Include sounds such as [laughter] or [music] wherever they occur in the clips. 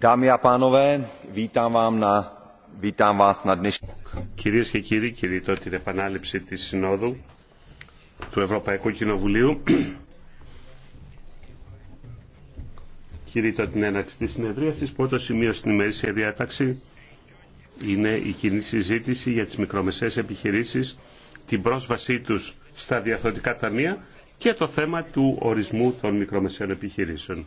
Dámy Κυρίες και κύριοι, κηρύττω την επανάληψη της Συνόδου του Ευρωπαϊκού Κοινοβουλίου. κηρύττω την έναρξη της συνεδρίασης. Πρώτο σημείο στην ημερήσια διάταξη είναι η κοινή συζήτηση για τις μικρομεσαίες επιχειρήσεις, την πρόσβασή τους στα διαφθορτικά ταμεία και το θέμα του ορισμού των μικρομεσαίων επιχειρήσεων.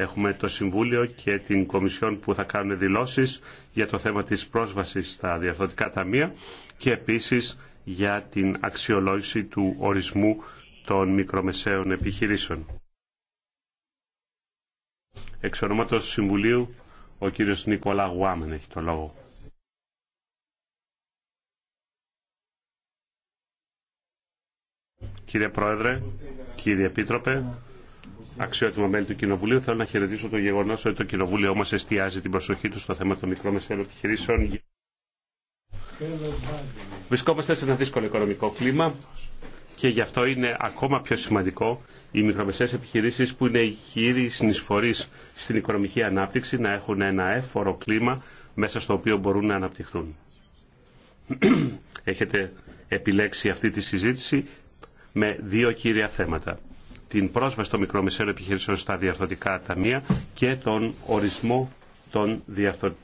Έχουμε το Συμβούλιο και την Κομισιόν που θα κάνουν δηλώσεις για το θέμα της πρόσβασης στα διαφορετικά ταμεία και επίσης για την αξιολόγηση του ορισμού των μικρομεσαίων επιχειρήσεων. Εξ ονόματος του Συμβουλίου, ο κύριος Νικόλα Γουάμεν έχει το λόγο. Κύριε Πρόεδρε, κύριε Επίτροπε, αξιότιμα μέλη του Κοινοβουλίου. Θέλω να χαιρετήσω το γεγονό ότι το Κοινοβούλιο μα εστιάζει την προσοχή του στο θέμα των μικρομεσαίων επιχειρήσεων. Βρισκόμαστε σε ένα δύσκολο οικονομικό κλίμα και γι' αυτό είναι ακόμα πιο σημαντικό οι μικρομεσαίες επιχειρήσεις που είναι οι κύριοι συνεισφορείς στην οικονομική ανάπτυξη να έχουν ένα έφορο κλίμα μέσα στο οποίο μπορούν να αναπτυχθούν. Έχετε επιλέξει αυτή τη συζήτηση με δύο κύρια θέματα την πρόσβαση των μικρομεσαίων επιχειρήσεων στα διαρθωτικά ταμεία και τον ορισμό των,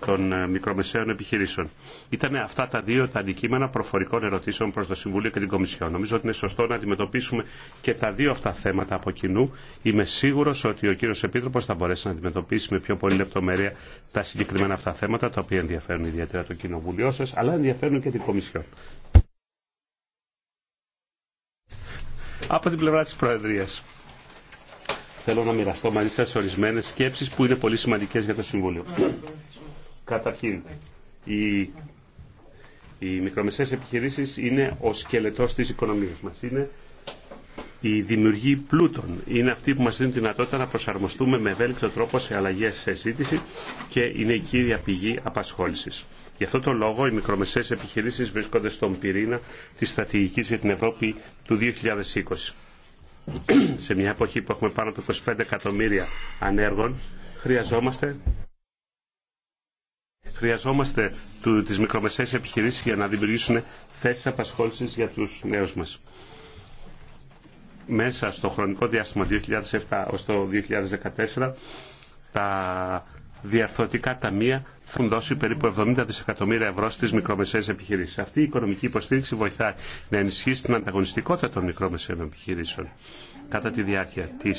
των ε, μικρομεσαίων επιχειρήσεων. Ήταν αυτά τα δύο τα αντικείμενα προφορικών ερωτήσεων προ το Συμβούλιο και την Κομισιόν. Νομίζω ότι είναι σωστό να αντιμετωπίσουμε και τα δύο αυτά θέματα από κοινού. Είμαι σίγουρο ότι ο κύριο Επίτροπο θα μπορέσει να αντιμετωπίσει με πιο πολύ λεπτομέρεια τα συγκεκριμένα αυτά θέματα, τα οποία ενδιαφέρουν ιδιαίτερα το Κοινοβούλιο σα, αλλά ενδιαφέρουν και την Κομισιόν. Από την πλευρά τη Προεδρίας θέλω να μοιραστώ μαζί σας ορισμένες σκέψεις που είναι πολύ σημαντικές για το Συμβούλιο. Καταρχήν, οι, οι μικρομεσαίες επιχειρήσεις είναι ο σκελετός της οικονομίας μας. Είναι η δημιουργή πλούτων. Είναι αυτή που μας δίνει τη δυνατότητα να προσαρμοστούμε με ευέλικτο τρόπο σε αλλαγές σε ζήτηση και είναι η κύρια πηγή απασχόλησης. Γι' αυτό τον λόγο οι μικρομεσαίες επιχειρήσεις βρίσκονται στον πυρήνα της στρατηγικής για την Ευρώπη του 2020 σε μια εποχή που έχουμε πάνω από 25 εκατομμύρια ανέργων, χρειαζόμαστε χρειαζόμαστε του, τις μικρομεσαίες επιχειρήσεις για να δημιουργήσουν θέσεις απασχόλησης για τους νέους μας. Μέσα στο χρονικό διάστημα 2007 ως το 2014, τα διαρθρωτικά ταμεία έχουν δώσει περίπου 70 δισεκατομμύρια ευρώ στι μικρομεσαίε επιχειρήσει. Αυτή η οικονομική υποστήριξη βοηθά να ενισχύσει την ανταγωνιστικότητα των μικρομεσαίων επιχειρήσεων κατά τη διάρκεια τη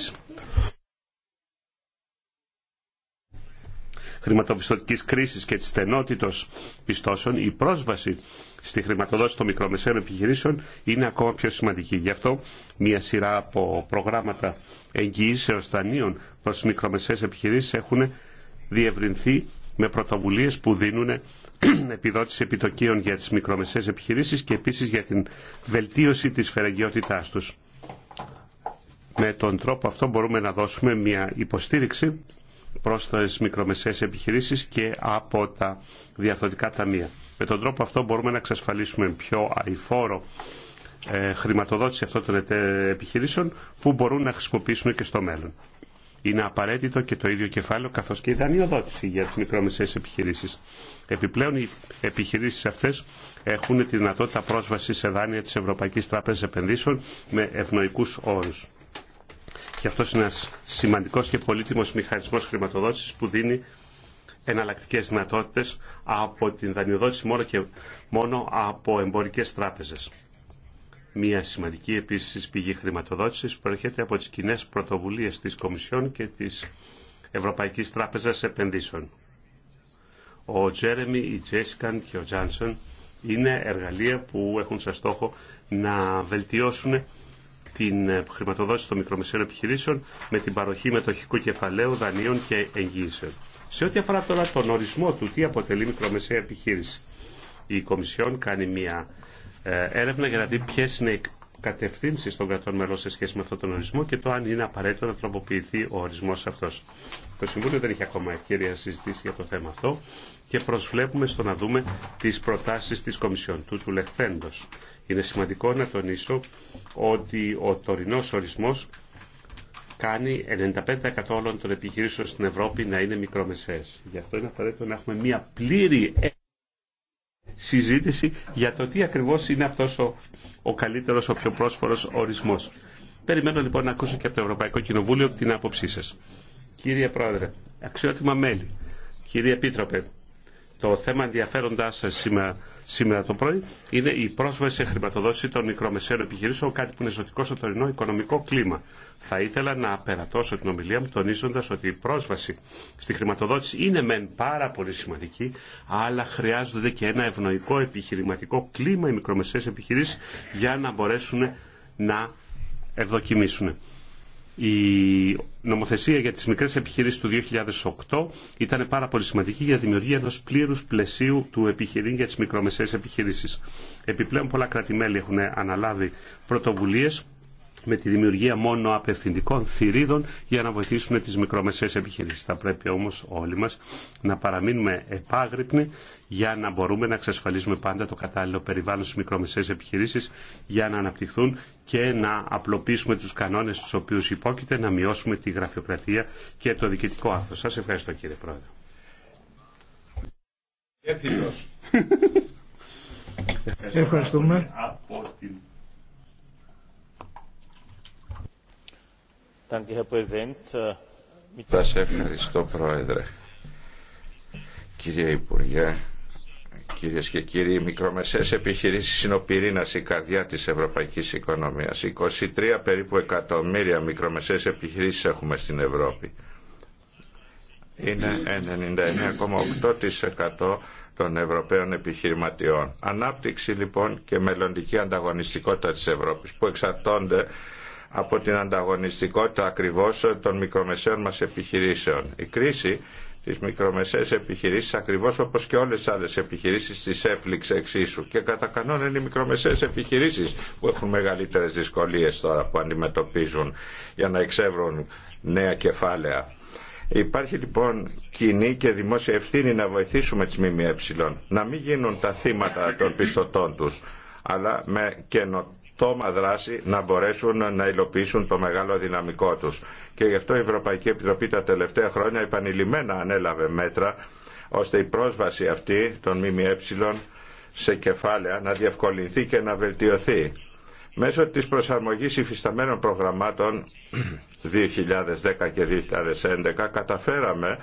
Χρηματοπιστωτική κρίση και τη στενότητας πιστώσεων, η πρόσβαση στη χρηματοδότηση των μικρομεσαίων επιχειρήσεων είναι ακόμα πιο σημαντική. Γι' αυτό μια σειρά από προγράμματα εγγυήσεω δανείων προς τι μικρομεσαίες επιχειρήσεις έχουν διευρυνθεί με πρωτοβουλίες που δίνουν [clears throat] επιδότηση επιτοκίων για τις μικρομεσαίες επιχειρήσεις και επίσης για την βελτίωση της φεραγγιότητάς τους. Με τον τρόπο αυτό μπορούμε να δώσουμε μια υποστήριξη προς τις μικρομεσαίες επιχειρήσεις και από τα διαρθρωτικά ταμεία. Με τον τρόπο αυτό μπορούμε να εξασφαλίσουμε πιο αηφόρο ε, χρηματοδότηση αυτών των επιχειρήσεων που μπορούν να χρησιμοποιήσουν και στο μέλλον είναι απαραίτητο και το ίδιο κεφάλαιο καθώς και η δανειοδότηση για τις μικρομεσαίε επιχειρήσεις. Επιπλέον οι επιχειρήσεις αυτές έχουν τη δυνατότητα πρόσβαση σε δάνεια της Ευρωπαϊκής Τράπεζας Επενδύσεων με ευνοικού όρους. Και αυτό είναι ένα σημαντικός και πολύτιμο μηχανισμός χρηματοδότηση που δίνει εναλλακτικέ δυνατότητε από την δανειοδότηση μόνο και μόνο από εμπορικέ τράπεζε. Μία σημαντική επίσης πηγή χρηματοδότησης προέρχεται από τις κοινέ πρωτοβουλίες της Κομισιόν και της Ευρωπαϊκής Τράπεζας Επενδύσεων. Ο Τζέρεμι, η Τζέσικαν και ο Τζάνσον είναι εργαλεία που έχουν σαν στόχο να βελτιώσουν την χρηματοδότηση των μικρομεσαίων επιχειρήσεων με την παροχή μετοχικού κεφαλαίου, δανείων και εγγύησεων. Σε ό,τι αφορά τώρα τον ορισμό του τι αποτελεί μικρομεσαία επιχείρηση, η Κομισιόν κάνει μια ε, έρευνα για να δει ποιε είναι οι κατευθύνσει των κρατών μελών σε σχέση με αυτόν τον ορισμό και το αν είναι απαραίτητο να τροποποιηθεί ο ορισμό αυτό. Το Συμβούλιο δεν έχει ακόμα ευκαιρία να συζητήσει για το θέμα αυτό και προσβλέπουμε στο να δούμε τι προτάσει τη Κομισιόν του του Λεχθέντο. Είναι σημαντικό να τονίσω ότι ο τωρινό ορισμό κάνει 95% όλων των επιχειρήσεων στην Ευρώπη να είναι μικρομεσαίες. Γι' αυτό είναι απαραίτητο να έχουμε μια πλήρη συζήτηση για το τι ακριβώς είναι αυτός ο, ο καλύτερος, ο πιο πρόσφορος ορισμός. Περιμένω λοιπόν να ακούσω και από το Ευρωπαϊκό Κοινοβούλιο την άποψή σας. Κύριε Πρόεδρε, αξιότιμα μέλη, κύριε Επίτροπε, το θέμα ενδιαφέροντά σα σήμερα, σήμερα το πρωί είναι η πρόσβαση σε χρηματοδότηση των μικρομεσαίων επιχειρήσεων, κάτι που είναι ζωτικό στο τωρινό οικονομικό κλίμα. Θα ήθελα να περατώσω την ομιλία μου τονίζοντα ότι η πρόσβαση στη χρηματοδότηση είναι μεν πάρα πολύ σημαντική, αλλά χρειάζονται και ένα ευνοϊκό επιχειρηματικό κλίμα οι μικρομεσαίες επιχειρήσει για να μπορέσουν να ευδοκιμήσουν. Η νομοθεσία για τις μικρές επιχειρήσεις του 2008 ήταν πάρα πολύ σημαντική για τη δημιουργία ενός πλήρους πλαισίου του επιχειρήν για τις μικρομεσαίες επιχειρήσεις. Επιπλέον πολλά κράτη-μέλη έχουν αναλάβει πρωτοβουλίες με τη δημιουργία μόνο απευθυντικών θηρίδων για να βοηθήσουμε τις μικρομεσαίες επιχειρήσεις. Θα πρέπει όμως όλοι μας να παραμείνουμε επάγρυπνοι για να μπορούμε να εξασφαλίσουμε πάντα το κατάλληλο περιβάλλον στις μικρομεσαίες επιχειρήσεις για να αναπτυχθούν και να απλοποιήσουμε τους κανόνες τους οποίους υπόκειται, να μειώσουμε τη γραφειοκρατία και το διοικητικό άρθρο. Σας ευχαριστώ κύριε Πρόεδρε. Ευχαριστούμε. Äh, Σας ευχαριστώ Πρόεδρε. Κύριε Υπουργέ, Κυρίε και κύριοι, οι επιχειρήσεις επιχειρήσει είναι ο πυρήνας η καρδιά της ευρωπαϊκής οικονομίας. 23 περίπου εκατομμύρια μικρομεσαίες επιχειρήσεις έχουμε στην Ευρώπη. Είναι 99,8% των Ευρωπαίων επιχειρηματιών. Ανάπτυξη λοιπόν και μελλοντική ανταγωνιστικότητα της Ευρώπης που εξαρτώνται από την ανταγωνιστικότητα ακριβώς των μικρομεσαίων μας επιχειρήσεων. Η κρίση τις μικρομεσαίες επιχειρήσεις ακριβώς όπως και όλες τις άλλες επιχειρήσεις τις έπληξε εξίσου και κατά κανόνα είναι οι μικρομεσαίες επιχειρήσεις που έχουν μεγαλύτερες δυσκολίες τώρα που αντιμετωπίζουν για να εξεύρουν νέα κεφάλαια. Υπάρχει λοιπόν κοινή και δημόσια ευθύνη να βοηθήσουμε τις ΜΜΕ να μην γίνουν τα θύματα των πιστωτών τους αλλά με καινο, τόμα δράση να μπορέσουν να υλοποιήσουν το μεγάλο δυναμικό τους. Και γι' αυτό η Ευρωπαϊκή Επιτροπή τα τελευταία χρόνια επανειλημμένα ανέλαβε μέτρα ώστε η πρόσβαση αυτή των ΜΜΕ σε κεφάλαια να διευκολυνθεί και να βελτιωθεί. Μέσω της προσαρμογής υφισταμένων προγραμμάτων 2010 [clears throat] και 2011 καταφέραμε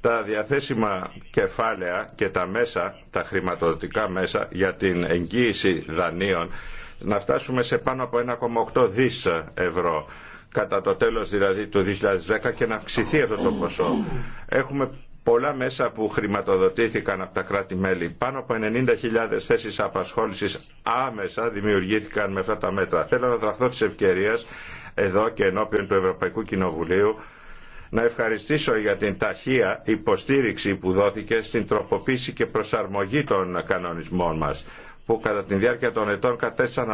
τα διαθέσιμα κεφάλαια και τα μέσα, τα χρηματοδοτικά μέσα για την εγγύηση δανείων να φτάσουμε σε πάνω από 1,8 δις ευρώ κατά το τέλος δηλαδή του 2010 και να αυξηθεί αυτό το ποσό. Έχουμε πολλά μέσα που χρηματοδοτήθηκαν από τα κράτη-μέλη. Πάνω από 90.000 θέσεις απασχόλησης άμεσα δημιουργήθηκαν με αυτά τα μέτρα. Θέλω να δραχθώ της ευκαιρίας εδώ και ενώπιον του Ευρωπαϊκού Κοινοβουλίου να ευχαριστήσω για την ταχεία υποστήριξη που δόθηκε στην τροποποίηση και προσαρμογή των κανονισμών μας που κατά τη διάρκεια των ετών κατέστησαν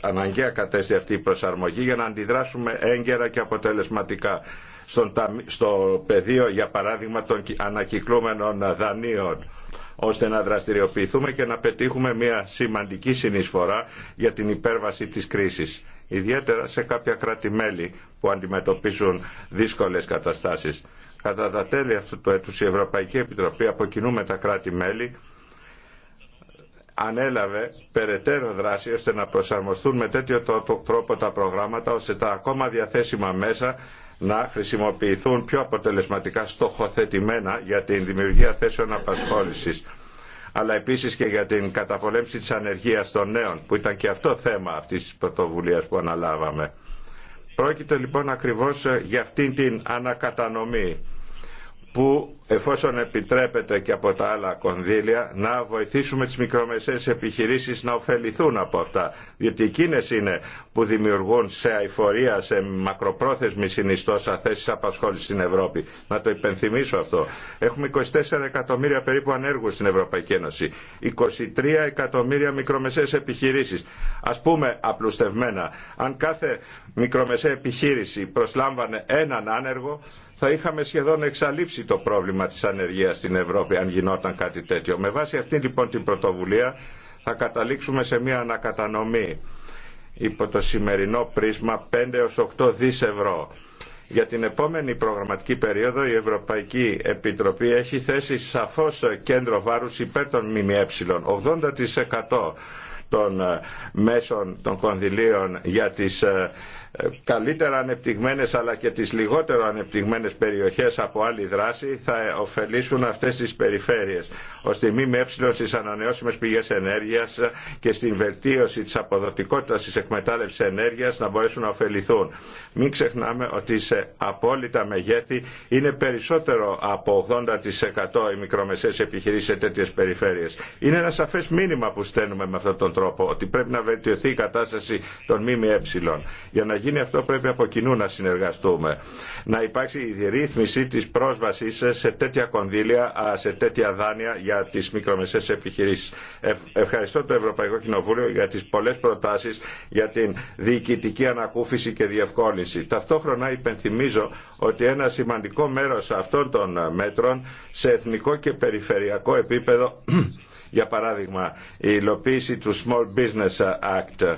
αναγκαία κατέστη αυτή η προσαρμογή για να αντιδράσουμε έγκαιρα και αποτελεσματικά στο πεδίο για παράδειγμα των ανακυκλούμενων δανείων ώστε να δραστηριοποιηθούμε και να πετύχουμε μια σημαντική συνεισφορά για την υπέρβαση της κρίσης ιδιαίτερα σε κάποια κράτη-μέλη που αντιμετωπίζουν δύσκολες καταστάσεις. Κατά τα τέλη αυτού του έτους η Ευρωπαϊκή Επιτροπή αποκοινούμε τα κράτη-μέλη ανέλαβε περαιτέρω δράση ώστε να προσαρμοστούν με τέτοιο τρόπο τα προγράμματα ώστε τα ακόμα διαθέσιμα μέσα να χρησιμοποιηθούν πιο αποτελεσματικά στοχοθετημένα για την δημιουργία θέσεων απασχόλησης αλλά επίσης και για την καταπολέμηση της ανεργίας των νέων που ήταν και αυτό θέμα αυτής της πρωτοβουλίας που αναλάβαμε. Πρόκειται λοιπόν ακριβώς ε, για αυτήν την ανακατανομή που εφόσον επιτρέπεται και από τα άλλα κονδύλια να βοηθήσουμε τις μικρομεσαίες επιχειρήσεις να ωφεληθούν από αυτά διότι εκείνε είναι που δημιουργούν σε αηφορία, σε μακροπρόθεσμη συνιστόσα θέσεις απασχόλησης στην Ευρώπη. Να το υπενθυμίσω αυτό. Έχουμε 24 εκατομμύρια περίπου ανέργους στην Ευρωπαϊκή Ένωση. 23 εκατομμύρια μικρομεσαίες επιχειρήσεις. Ας πούμε απλουστευμένα, αν κάθε μικρομεσαία επιχείρηση προσλάμβανε έναν άνεργο, θα είχαμε σχεδόν εξαλείψει το πρόβλημα της ανεργίας στην Ευρώπη αν γινόταν κάτι τέτοιο. Με βάση αυτή λοιπόν την πρωτοβουλία θα καταλήξουμε σε μια ανακατανομή υπό το σημερινό πρίσμα 5-8 δις ευρώ. Για την επόμενη προγραμματική περίοδο η Ευρωπαϊκή Επιτροπή έχει θέσει σαφώς κέντρο βάρους υπέρ των ΜΜΕ, 80% των μέσων των κονδυλίων για τις ε, καλύτερα ανεπτυγμένες αλλά και τις λιγότερο ανεπτυγμένες περιοχές από άλλη δράση θα ωφελήσουν αυτές τις περιφέρειες ώστε μη με έψιλον στις ανανεώσιμες πηγές ενέργειας και στην βελτίωση της αποδοτικότητας της εκμετάλλευσης ενέργειας να μπορέσουν να ωφεληθούν. Μην ξεχνάμε ότι σε απόλυτα μεγέθη είναι περισσότερο από 80% οι μικρομεσαίες επιχειρήσεις σε τέτοιες περιφέρειες. Είναι ένα σαφές μήνυμα που στέλνουμε με αυτόν τον τρόπο ότι πρέπει να βελτιωθεί η κατάσταση των ΜΜΕ. Για να γίνει αυτό πρέπει από κοινού να συνεργαστούμε. Να υπάρξει η ρύθμιση της πρόσβασης σε τέτοια κονδύλια, σε τέτοια δάνεια για τις μικρομεσαίες επιχειρήσεις. Ε, ευχαριστώ το Ευρωπαϊκό Κοινοβούλιο για τις πολλές προτάσεις για την διοικητική ανακούφιση και διευκόλυνση. Ταυτόχρονα υπενθυμίζω ότι ένα σημαντικό μέρος αυτών των μέτρων σε εθνικό και περιφερειακό επίπεδο [clears throat] για παράδειγμα η υλοποίηση του Small Business Act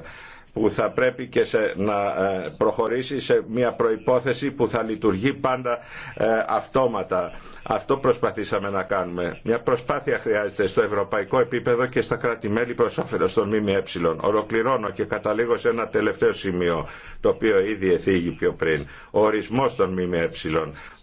που θα πρέπει και σε, να ε, προχωρήσει σε μια προϋπόθεση που θα λειτουργεί πάντα ε, αυτόματα. Αυτό προσπαθήσαμε να κάνουμε. Μια προσπάθεια χρειάζεται στο ευρωπαϊκό επίπεδο και στα κράτη-μέλη προς όφελος των ΜΜΕ. Ολοκληρώνω και καταλήγω σε ένα τελευταίο σημείο, το οποίο ήδη εθίγει πιο πριν. Ο ορισμός των ΜΜΕ.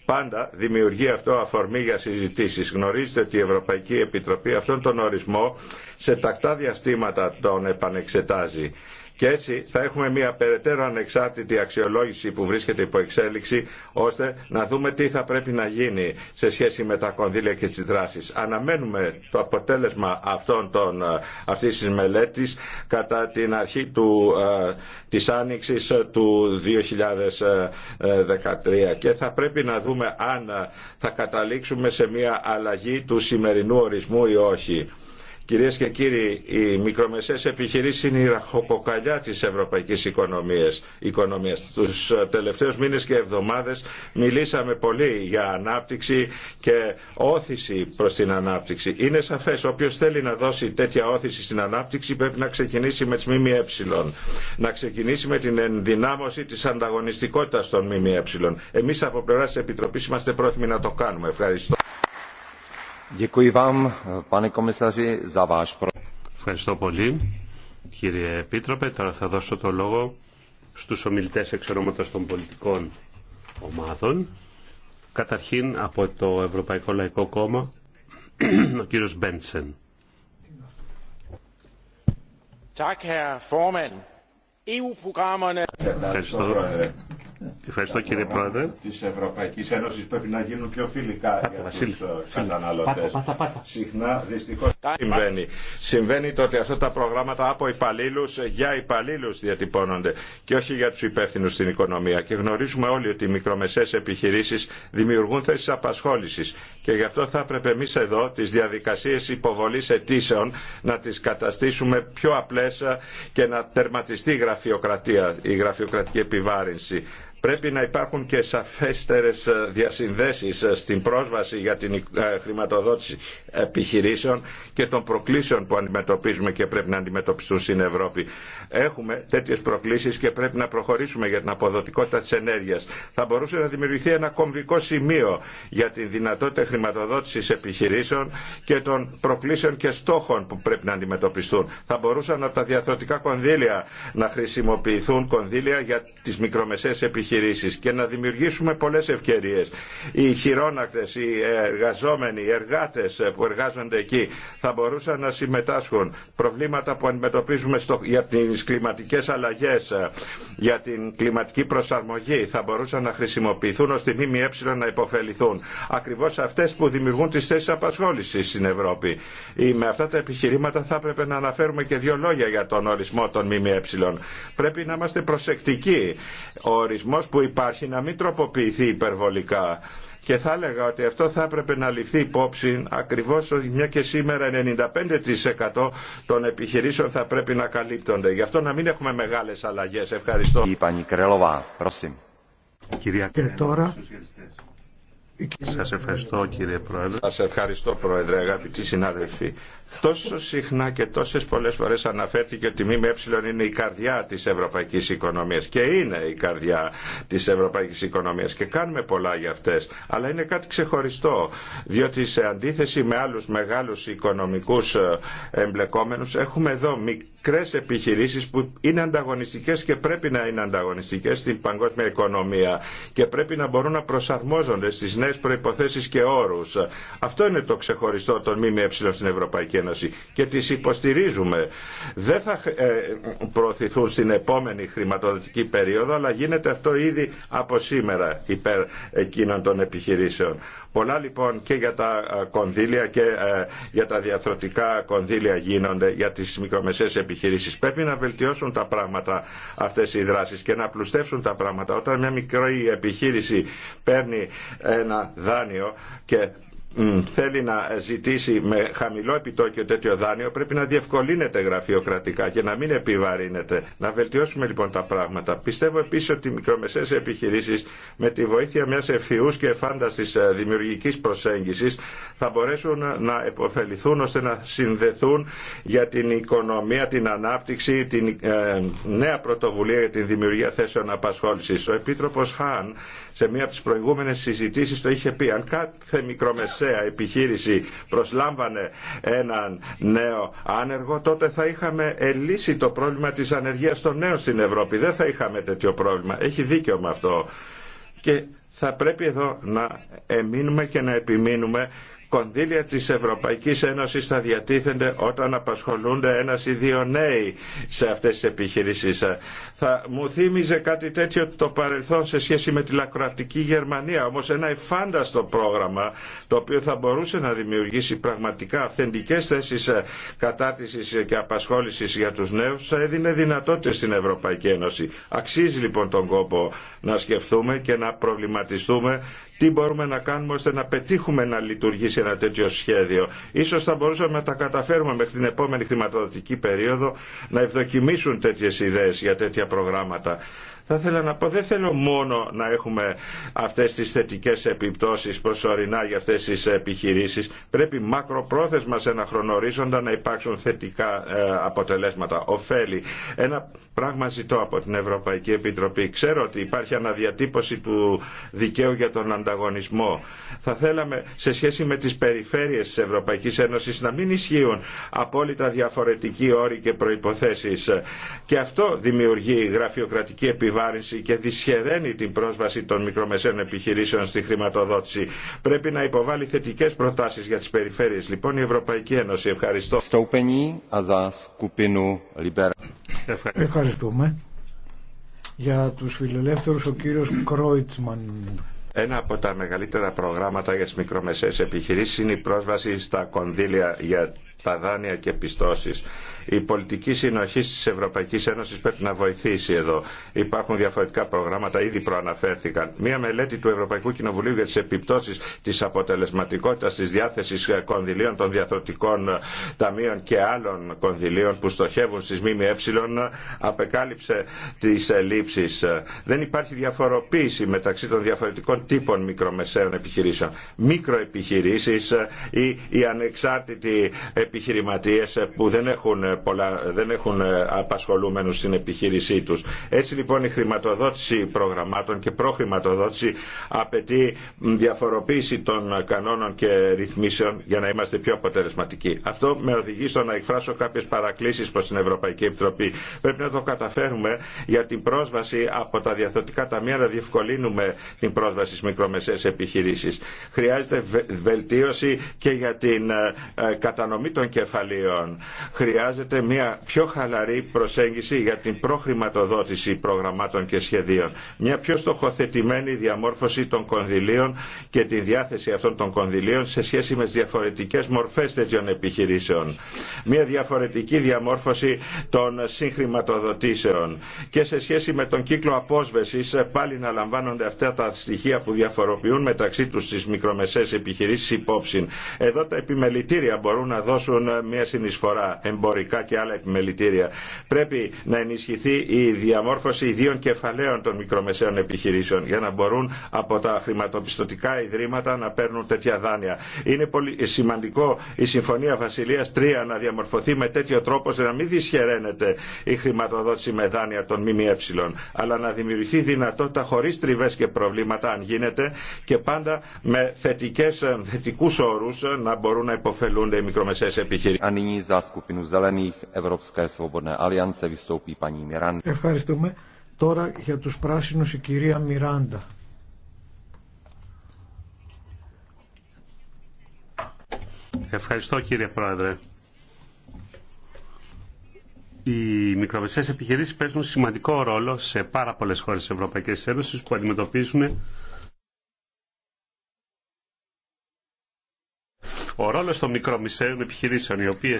Πάντα δημιουργεί αυτό αφορμή για συζητήσεις. Γνωρίζετε ότι η Ευρωπαϊκή Επιτροπή αυτόν τον ορισμό σε τακτά διαστήματα τον επανεξετάζει και έτσι θα έχουμε μια περαιτέρω ανεξάρτητη αξιολόγηση που βρίσκεται υπό εξέλιξη, ώστε να δούμε τι θα πρέπει να γίνει σε σχέση με τα κονδύλια και τις δράσεις. Αναμένουμε το αποτέλεσμα αυτών των, ε, αυτής της μελέτης κατά την αρχή του, ε, της άνοιξης του 2013 ε, και θα πρέπει να δούμε αν θα καταλήξουμε σε μια αλλαγή του σημερινού ορισμού ή όχι. Κυρίες και κύριοι, οι μικρομεσαίες επιχειρήσεις είναι η ραχοκοκαλιά της ευρωπαϊκής οικονομίας. οικονομίας. Τους ε, τελευταίους μήνες και εβδομάδες μιλήσαμε πολύ για ανάπτυξη και όθηση προς την ανάπτυξη. Είναι σαφές, όποιος θέλει να δώσει τέτοια όθηση στην ανάπτυξη πρέπει να ξεκινήσει με τις ΜΜΕ, να ξεκινήσει με την ενδυνάμωση της ανταγωνιστικότητας των ΜΜΕ. Εμείς από πλευρά τη Επιτροπής είμαστε πρόθυμοι να το κάνουμε. Ευχαριστώ. Ευχαριστώ πολύ κύριε Επίτροπε. Τώρα θα δώσω το λόγο στους ομιλητές ονόματος των πολιτικών ομάδων. Καταρχήν από το Ευρωπαϊκό Λαϊκό Κόμμα, [clears throat] ο κύριος Μπέντσεν. E Ευχαριστώ. Ευχαριστώ κύριε Πρόεδρε. Τη Ευρωπαϊκή Ένωση πρέπει να γίνουν πιο φιλικά για του ε, καταναλωτέ. Συχνά δυστυχώ συμβαίνει. Συμβαίνει το ότι αυτά τα προγράμματα από υπαλλήλου ε, για υπαλλήλου διατυπώνονται και όχι για του υπεύθυνου στην οικονομία. Και γνωρίζουμε όλοι ότι οι μικρομεσαίε επιχειρήσει δημιουργούν θέσει απασχόληση. Και γι' αυτό θα έπρεπε εμεί εδώ τι διαδικασίε υποβολή αιτήσεων να τι καταστήσουμε πιο απλέ ε, και να τερματιστεί η γραφειοκρατία, η γραφειοκρατική επιβάρυνση Πρέπει να υπάρχουν και σαφέστερες ε, διασυνδέσεις ε, στην πρόσβαση για την ε, χρηματοδότηση επιχειρήσεων και των προκλήσεων που αντιμετωπίζουμε και πρέπει να αντιμετωπιστούν στην Ευρώπη. Έχουμε τέτοιες προκλήσεις και πρέπει να προχωρήσουμε για την αποδοτικότητα της ενέργειας. Θα μπορούσε να δημιουργηθεί ένα κομβικό σημείο για τη δυνατότητα χρηματοδότησης επιχειρήσεων και των προκλήσεων και στόχων που πρέπει να αντιμετωπιστούν. Θα μπορούσαν από τα διαθροτικά κονδύλια να χρησιμοποιηθούν κονδύλια για τις μικρομεσαίες επιχειρήσεις και να δημιουργήσουμε πολλές ευκαιρίες. Οι χειρόνακτες, οι εργαζόμενοι, οι εργάτες που εργάζονται εκεί θα μπορούσαν να συμμετάσχουν. Προβλήματα που αντιμετωπίζουμε στο, για τις κλιματικές αλλαγές, για την κλιματική προσαρμογή θα μπορούσαν να χρησιμοποιηθούν ώστε οι ΜΜΕ να υποφεληθούν. Ακριβώς αυτές που δημιουργούν τις θέσεις απασχόλησης στην Ευρώπη. Ή ε, με αυτά τα επιχειρήματα θα έπρεπε να αναφέρουμε και δύο λόγια για τον ορισμό των ΜΜΕ. Πρέπει να είμαστε προσεκτικοί. Ο ορισμό που υπάρχει να μην τροποποιηθεί υπερβολικά. Και θα έλεγα ότι αυτό θα έπρεπε να ληφθεί υπόψη ακριβώς ότι μια και σήμερα 95% των επιχειρήσεων θα πρέπει να καλύπτονται. Γι' αυτό να μην έχουμε μεγάλες αλλαγές. Ευχαριστώ. Κυρία και τώρα... Σας ευχαριστώ κύριε Πρόεδρε. Σας ευχαριστώ Πρόεδρε αγαπητοί συνάδελφοι. Τόσο συχνά και τόσες πολλές φορές αναφέρθηκε ότι η ΜΜΕ είναι η καρδιά της ευρωπαϊκής οικονομίας και είναι η καρδιά της ευρωπαϊκής οικονομίας και κάνουμε πολλά για αυτές. Αλλά είναι κάτι ξεχωριστό, διότι σε αντίθεση με άλλους μεγάλους οικονομικούς ε, εμπλεκόμενους έχουμε εδώ μικρές επιχειρήσεις που είναι ανταγωνιστικές και πρέπει να είναι ανταγωνιστικές στην παγκόσμια οικονομία και πρέπει να μπορούν να προσαρμόζονται στις νέες προϋποθέσεις και όρους. Αυτό είναι το ξεχωριστό των ΜΜΕ στην Ευρωπαϊκή και τις υποστηρίζουμε. Δεν θα ε, προωθηθούν στην επόμενη χρηματοδοτική περίοδο, αλλά γίνεται αυτό ήδη από σήμερα υπέρ εκείνων των επιχειρήσεων. Πολλά λοιπόν και για τα ε, κονδύλια και ε, για τα διαθροτικά κονδύλια γίνονται για τις μικρομεσαίες επιχειρήσεις. Πρέπει να βελτιώσουν τα πράγματα αυτές οι δράσεις και να πλουστεύσουν τα πράγματα. Όταν μια μικρή επιχείρηση παίρνει ένα δάνειο και θέλει να ζητήσει με χαμηλό επιτόκιο τέτοιο δάνειο πρέπει να διευκολύνεται γραφειοκρατικά και να μην επιβαρύνεται. Να βελτιώσουμε λοιπόν τα πράγματα. Πιστεύω επίση ότι οι μικρομεσαίες επιχειρήσει με τη βοήθεια μια ευφυού και εφάνταση ε, δημιουργική προσέγγιση θα μπορέσουν να επωφεληθούν ώστε να συνδεθούν για την οικονομία, την ανάπτυξη, την ε, νέα πρωτοβουλία για την δημιουργία θέσεων απασχόληση. Ο επίτροπο Χάν σε μία από τι προηγούμενε συζητήσει το είχε πει αν κάθε μικρομεσαίο επιχείρηση προσλάμβανε έναν νέο άνεργο, τότε θα είχαμε λύσει το πρόβλημα της ανεργίας των νέων στην Ευρώπη. Δεν θα είχαμε τέτοιο πρόβλημα. Έχει δίκιο με αυτό. Και θα πρέπει εδώ να εμείνουμε και να επιμείνουμε κονδύλια της Ευρωπαϊκής Ένωσης θα διατίθενται όταν απασχολούνται ένας ή δύο νέοι σε αυτές τις επιχειρήσεις. Θα μου θύμιζε κάτι τέτοιο το παρελθόν σε σχέση με τη λακροατική Γερμανία, όμως ένα εφάνταστο πρόγραμμα το οποίο θα μπορούσε να δημιουργήσει πραγματικά αυθεντικές θέσεις κατάρτισης και απασχόλησης για τους νέους θα έδινε δυνατότητες στην Ευρωπαϊκή Ένωση. Αξίζει λοιπόν τον κόπο να σκεφτούμε και να προβληματιστούμε τι μπορούμε να κάνουμε ώστε να πετύχουμε να λειτουργήσει ένα τέτοιο σχέδιο. Ίσως θα μπορούσαμε να τα καταφέρουμε μέχρι την επόμενη χρηματοδοτική περίοδο να ευδοκιμήσουν τέτοιες ιδέες για τέτοια προγράμματα. Θα ήθελα να πω, δεν θέλω μόνο να έχουμε αυτές τις θετικές επιπτώσεις προσωρινά για αυτές τις επιχειρήσεις. Πρέπει μακροπρόθεσμα σε ένα χρονορίζοντα να υπάρξουν θετικά ε, αποτελέσματα, ωφέλη. Ένα πράγμα ζητώ από την Ευρωπαϊκή Επιτροπή. Ξέρω ότι υπάρχει αναδιατύπωση του δικαίου για τον ανταγωνισμό. Θα θέλαμε σε σχέση με τις περιφέρειες της Ευρωπαϊκής Ένωσης να μην ισχύουν απόλυτα διαφορετικοί όροι και προϋποθέσεις. Και αυτό δημιουργεί γραφειοκρατική επιβάρυνση και δυσχεραίνει την πρόσβαση των μικρομεσαίων επιχειρήσεων στη χρηματοδότηση. Πρέπει να υποβάλει θετικέ προτάσει για τι περιφέρειε. Λοιπόν, η Ευρωπαϊκή Ένωση. Ευχαριστώ. Ευχαριστούμε. Για τους φιλελεύθερους ο κύριος Κρόιτσμαν. Ένα από τα μεγαλύτερα προγράμματα για τις μικρομεσαίες επιχειρήσεις είναι η πρόσβαση στα κονδύλια για τα δάνεια και πιστώσεις. Η πολιτική συνοχή τη Ευρωπαϊκή Ένωση πρέπει να βοηθήσει εδώ. Υπάρχουν διαφορετικά προγράμματα, ήδη προαναφέρθηκαν. Μία μελέτη του Ευρωπαϊκού Κοινοβουλίου για τι επιπτώσει τη αποτελεσματικότητα τη διάθεση κονδυλίων των διαθροτικών ε, ταμείων και άλλων κονδυλίων που στοχεύουν στι ΜΜΕ απεκάλυψε τι ελλείψει. Δεν υπάρχει διαφοροποίηση μεταξύ των διαφορετικών τύπων μικρομεσαίων επιχειρήσεων. Μικροεπιχειρήσει ε, ή οι ανεξάρτητοι επιχειρηματίε ε, που δεν έχουν πολλά, δεν έχουν ε, απασχολούμενους στην επιχείρησή τους. Έτσι λοιπόν η χρηματοδότηση προγραμμάτων και προχρηματοδότηση απαιτεί διαφοροποίηση των κανόνων και ρυθμίσεων για να είμαστε πιο αποτελεσματικοί. Αυτό με οδηγεί στο να εκφράσω κάποιες παρακλήσεις προς την Ευρωπαϊκή Επιτροπή. Πρέπει να το καταφέρουμε για την πρόσβαση από τα διαθετικά ταμεία να διευκολύνουμε την πρόσβαση στις μικρομεσαίες επιχειρήσεις. Χρειάζεται βελτίωση και για την ε, ε, κατανομή των κεφαλίων. Χρειάζεται χρειάζεται μια πιο χαλαρή προσέγγιση για την προχρηματοδότηση προγραμμάτων και σχεδίων. Μια πιο στοχοθετημένη διαμόρφωση των κονδυλίων και τη διάθεση αυτών των κονδυλίων σε σχέση με τις διαφορετικές μορφές τέτοιων επιχειρήσεων. Μια διαφορετική διαμόρφωση των συγχρηματοδοτήσεων και σε σχέση με τον κύκλο απόσβεσης πάλι να λαμβάνονται αυτά τα στοιχεία που διαφοροποιούν μεταξύ τους τις μικρομεσαίες επιχειρήσεις υπόψη. Εδώ τα επιμελητήρια μπορούν να δώσουν μια συνεισφορά εμπορικά και άλλα επιμελητήρια. Πρέπει να ενισχυθεί η διαμόρφωση ιδίων κεφαλαίων των μικρομεσαίων επιχειρήσεων για να μπορούν από τα χρηματοπιστωτικά ιδρύματα να παίρνουν τέτοια δάνεια. Είναι πολύ σημαντικό η Συμφωνία Βασιλεία 3 να διαμορφωθεί με τέτοιο τρόπο ώστε να μην δυσχεραίνεται η χρηματοδότηση με δάνεια των ΜΜΕ, αλλά να δημιουργηθεί δυνατότητα χωρί τριβέ και προβλήματα, αν γίνεται, και πάντα με θετικού όρου να μπορούν να υποφελούνται οι μικρομεσαίε επιχειρήσει. Ευχαριστούμε. Τώρα για τους πράσινους η κυρία Μιράντα. Ευχαριστώ κύριε Πρόεδρε. Οι μικρομεσαίες επιχειρήσεις παίζουν σημαντικό ρόλο σε πάρα πολλές χώρες της Ευρωπαϊκής Ένωσης που αντιμετωπίζουν Ο ρόλο των μικρομεσαίων επιχειρήσεων, οι οποίε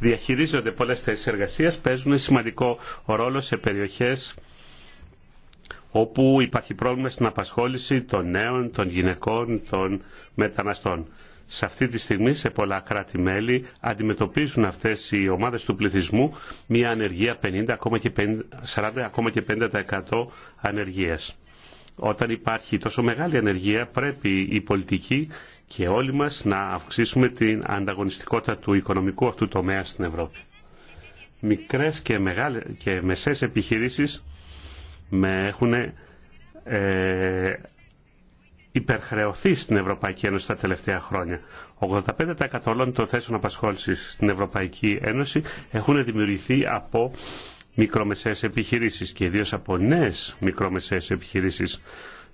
διαχειρίζονται πολλέ θέσει εργασία, παίζουν σημαντικό ρόλο σε περιοχέ όπου υπάρχει πρόβλημα στην απασχόληση των νέων, των γυναικών, των μεταναστών. Σε αυτή τη στιγμή σε πολλά κράτη-μέλη αντιμετωπίζουν αυτές οι ομάδες του πληθυσμού μια ανεργία 50, ακόμα και 40, 50% ανεργίας. Όταν υπάρχει τόσο μεγάλη ανεργία πρέπει η πολιτική και όλοι μας να αυξήσουμε την ανταγωνιστικότητα του οικονομικού αυτού τομέα στην Ευρώπη. Μικρές και, μεγάλες, και μεσές επιχειρήσεις με έχουν ε, υπερχρεωθεί στην Ευρωπαϊκή Ένωση τα τελευταία χρόνια. 85% όλων των θέσεων απασχόλησης στην Ευρωπαϊκή Ένωση έχουν δημιουργηθεί από μικρομεσαίες επιχειρήσεις και ιδίως από νέες μικρομεσαίες επιχειρήσεις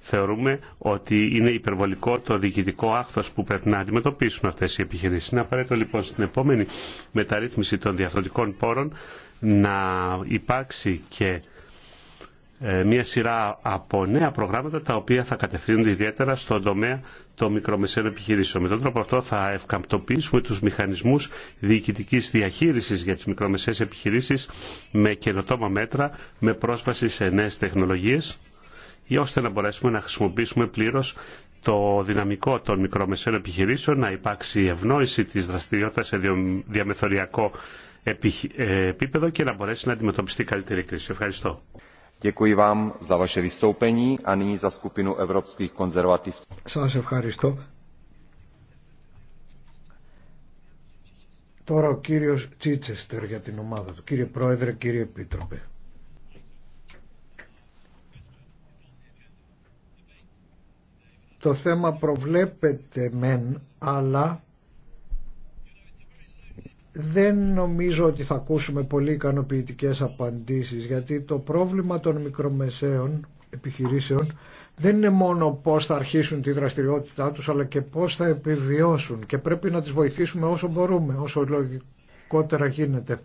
θεωρούμε ότι είναι υπερβολικό το διοικητικό άκτο που πρέπει να αντιμετωπίσουν αυτές οι επιχειρήσεις. Είναι απαραίτητο λοιπόν στην επόμενη μεταρρύθμιση των διαφορετικών πόρων να υπάρξει και ε, μια σειρά από νέα προγράμματα τα οποία θα κατευθύνονται ιδιαίτερα στον τομέα των μικρομεσαίων επιχειρήσεων. Με τον τρόπο αυτό θα ευκαμπτοποιήσουμε τους μηχανισμούς διοικητικής διαχείρισης για τις μικρομεσαίες επιχειρήσεις με καινοτόμα μέτρα, με πρόσβαση σε νέες τεχνολογίες ή ώστε να μπορέσουμε να χρησιμοποιήσουμε πλήρως το δυναμικό των μικρομεσαίων επιχειρήσεων, να υπάρξει ευνόηση της δραστηριότητας σε διαμεθοριακό ε, επίπεδο και να μπορέσει να αντιμετωπιστεί καλύτερη κρίση. Ευχαριστώ. Σας ευχαριστώ. Τώρα ο κύριος Τσίτσεστερ για την ομάδα του. Κύριε Πρόεδρε, κύριε Επίτροπε. το θέμα προβλέπεται μεν, αλλά δεν νομίζω ότι θα ακούσουμε πολύ ικανοποιητικέ απαντήσεις, γιατί το πρόβλημα των μικρομεσαίων επιχειρήσεων δεν είναι μόνο πώς θα αρχίσουν τη δραστηριότητά τους, αλλά και πώς θα επιβιώσουν και πρέπει να τις βοηθήσουμε όσο μπορούμε, όσο λογικότερα γίνεται.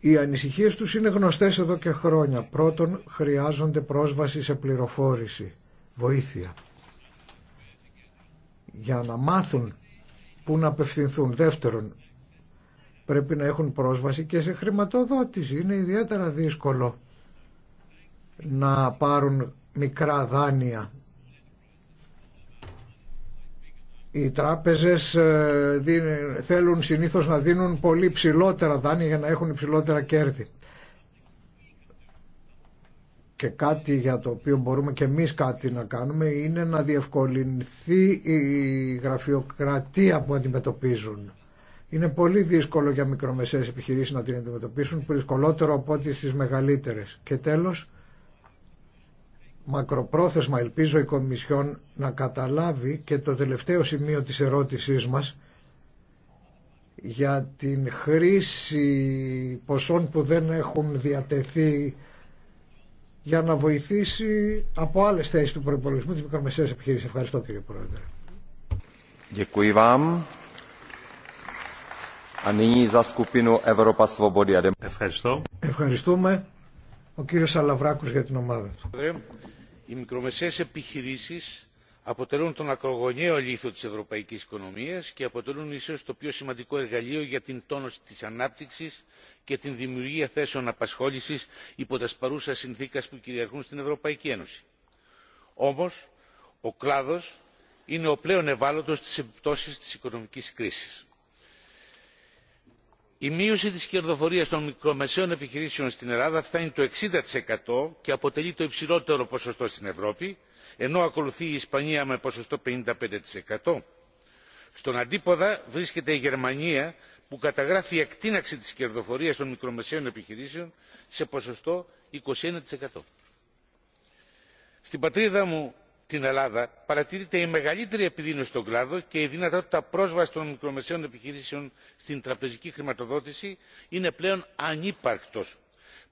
Οι ανησυχίες τους είναι γνωστές εδώ και χρόνια. Πρώτον, χρειάζονται πρόσβαση σε πληροφόρηση βοήθεια για να μάθουν πού να απευθυνθούν. Δεύτερον, πρέπει να έχουν πρόσβαση και σε χρηματοδότηση. Είναι ιδιαίτερα δύσκολο να πάρουν μικρά δάνεια. Οι τράπεζες ε, θέλουν συνήθως να δίνουν πολύ ψηλότερα δάνεια για να έχουν υψηλότερα κέρδη και κάτι για το οποίο μπορούμε και εμείς κάτι να κάνουμε είναι να διευκολυνθεί η γραφειοκρατία που αντιμετωπίζουν. Είναι πολύ δύσκολο για μικρομεσαίες επιχειρήσεις να την αντιμετωπίσουν, δυσκολότερο από ό,τι στις μεγαλύτερες. Και τέλος, μακροπρόθεσμα ελπίζω η Κομισιόν να καταλάβει και το τελευταίο σημείο της ερώτησής μας για την χρήση ποσών που δεν έχουν διατεθεί για να βοηθήσει από άλλες θέσεις του προϋπολογισμού τη μικρομεσές επιχείρηση. Ευχαριστώ κύριε Πρόεδρε. Ευχαριστώ. Ευχαριστούμε ο κύριος Αλαβράκος για την ομάδα του. Οι μικρομεσαίες επιχειρήσεις αποτελούν τον ακρογωνιαίο λίθο της ευρωπαϊκής οικονομίας και αποτελούν ίσως το πιο σημαντικό εργαλείο για την τόνωση της ανάπτυξης και την δημιουργία θέσεων απασχόλησης υπό τα σπαρούσα συνθήκας που κυριαρχούν στην Ευρωπαϊκή Ένωση. Όμως, ο κλάδος είναι ο πλέον ευάλωτος στις επιπτώσεις της οικονομικής κρίσης η μείωση της κερδοφορίας των μικρομεσαίων επιχειρήσεων στην ελλάδα φτάνει το 60% και αποτελεί το υψηλότερο ποσοστό στην ευρώπη ενώ ακολουθεί η ισπανία με ποσοστό 55%. στον αντίποδα βρίσκεται η γερμανία που καταγράφει εκτείναξη της κερδοφορίας των μικρομεσαίων επιχειρήσεων σε ποσοστό 21%. στην πατρίδα μου την ελλάδα παρατηρείται η μεγαλύτερη επιδείνωση στον κλάδο και η δυνατότητα πρόσβαση των μικρομεσαίων επιχειρήσεων στην τραπεζική χρηματοδότηση είναι πλέον ανύπαρκτος.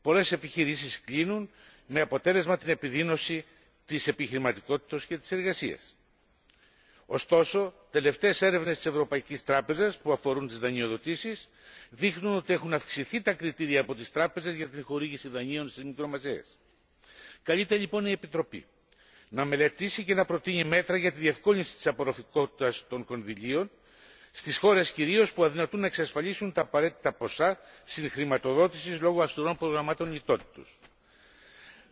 πολλές επιχειρήσεις κλείνουν με αποτέλεσμα την επιδείνωση της επιχειρηματικότητας και της εργασίας. ωστόσο τελευταίες έρευνες της ευρωπαϊκής τράπεζας που αφορούν τις δανειοδοτήσεις δείχνουν ότι έχουν αυξηθεί τα κριτήρια από τις τράπεζες για την χορήγηση δανείων στι μικρομεσαίες. καλείται λοιπόν η επιτροπή να μελετήσει και να προτείνει μέτρα για τη διευκόλυνση της απορροφικότητας των κονδυλίων στις χώρες κυρίως που αδυνατούν να εξασφαλίσουν τα απαραίτητα ποσά συγχρηματοδότησης λόγω αυστηρών προγραμμάτων λιτότητος.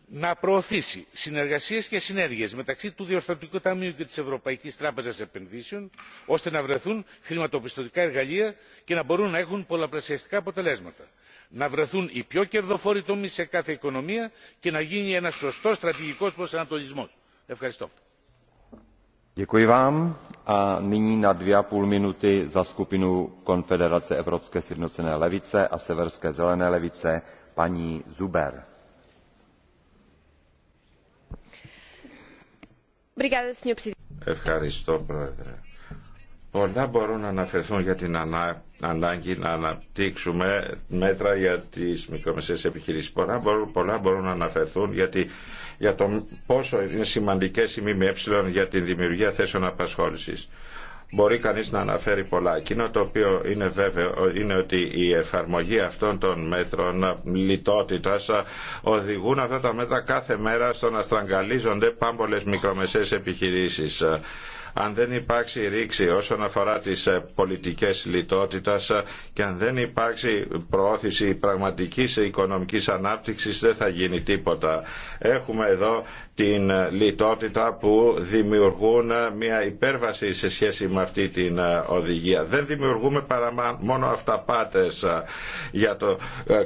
Να προωθήσει συνεργασίες και συνέργειες μεταξύ του Διορθωτικού Ταμείου και της Ευρωπαϊκής Τράπεζας Επενδύσεων, ώστε να βρεθούν χρηματοπιστωτικά εργαλεία και να μπορούν να έχουν πολλαπλασιαστικά αποτελέσματα. Να βρεθούν οι πιο κερδοφόροι τομείς σε κάθε οικονομία και να γίνει ένας σωστός στρατηγικός προσανατολισμός. Ευχαριστώ. Ευχαριστώ, Πρόεδρε. Πολλά μπορούν να αναφερθούν για την ανάγκη να αναπτύξουμε μέτρα για τις μικρομεσαίες επιχειρήσεις. Πολλά μπορούν, πολλά μπορούν να αναφερθούν γιατί για το πόσο είναι σημαντικέ οι ΜΜΕ για την δημιουργία θέσεων απασχόλησης. Μπορεί κανείς να αναφέρει πολλά. Εκείνο το οποίο είναι βέβαιο είναι ότι η εφαρμογή αυτών των μέτρων λιτότητας οδηγούν αυτά τα μέτρα κάθε μέρα στο να στραγγαλίζονται πάμπολες μικρομεσαίες επιχειρήσεις αν δεν υπάρξει ρήξη όσον αφορά τις ε, πολιτικές λιτότητας ε, και αν δεν υπάρξει προώθηση πραγματικής οικονομικής ανάπτυξης δεν θα γίνει τίποτα. Έχουμε εδώ την ε, λιτότητα που δημιουργούν μια υπέρβαση σε σχέση με αυτή την οδηγία. Δεν δημιουργούμε παρά μόνο αυταπάτες για το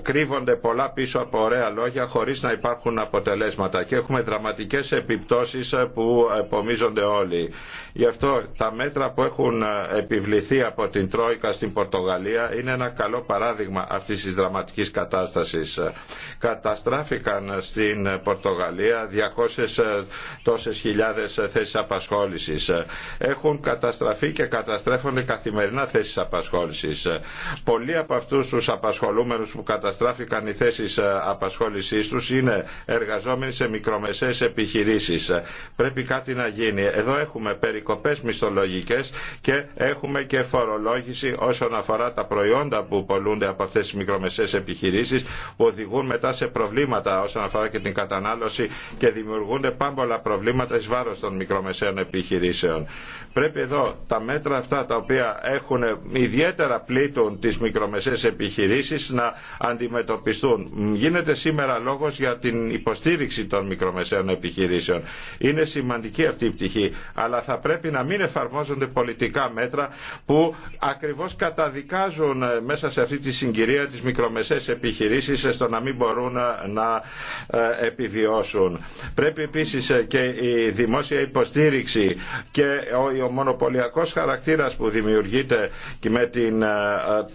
κρύβονται πολλά πίσω από ωραία λόγια χωρίς να υπάρχουν αποτελέσματα και έχουμε δραματικές επιπτώσεις που επομίζονται όλοι. Γι' αυτό τα μέτρα που έχουν ε, επιβληθεί από την Τρόικα στην Πορτογαλία είναι ένα καλό παράδειγμα αυτής της δραματικής κατάστασης. Ε, καταστράφηκαν στην Πορτογαλία 200 ε, τόσες χιλιάδες θέσεις απασχόλησης. Έχουν καταστραφεί και καταστρέφονται καθημερινά θέσεις απασχόλησης. Πολλοί από αυτούς τους απασχολούμενους που καταστράφηκαν οι θέσεις απασχόλησής τους είναι εργαζόμενοι σε μικρομεσαίες επιχειρήσεις. Πρέπει κάτι να γίνει. Εδώ έχουμε περί περικοπές μισθολογικές και έχουμε και φορολόγηση όσον αφορά τα προϊόντα που πολλούνται από αυτές τις μικρομεσαίες επιχειρήσεις που οδηγούν μετά σε προβλήματα όσον αφορά και την κατανάλωση και δημιουργούνται πάμπολα προβλήματα εις βάρος των μικρομεσαίων επιχειρήσεων. Πρέπει εδώ τα μέτρα αυτά τα οποία έχουν ιδιαίτερα πλήττουν τις μικρομεσαίες επιχειρήσεις να αντιμετωπιστούν. Γίνεται σήμερα λόγος για την υποστήριξη των μικρομεσαίων επιχειρήσεων. Είναι σημαντική αυτή η πτυχή, αλλά θα πρέπει πρέπει να μην εφαρμόζονται πολιτικά μέτρα που ακριβώς καταδικάζουν ε, μέσα σε αυτή τη συγκυρία τις μικρομεσαίες επιχειρήσεις ε, στο να μην μπορούν ε, να επιβιώσουν. Πρέπει επίσης και η δημόσια υποστήριξη και ο μονοπωλιακός χαρακτήρας που δημιουργείται και με την,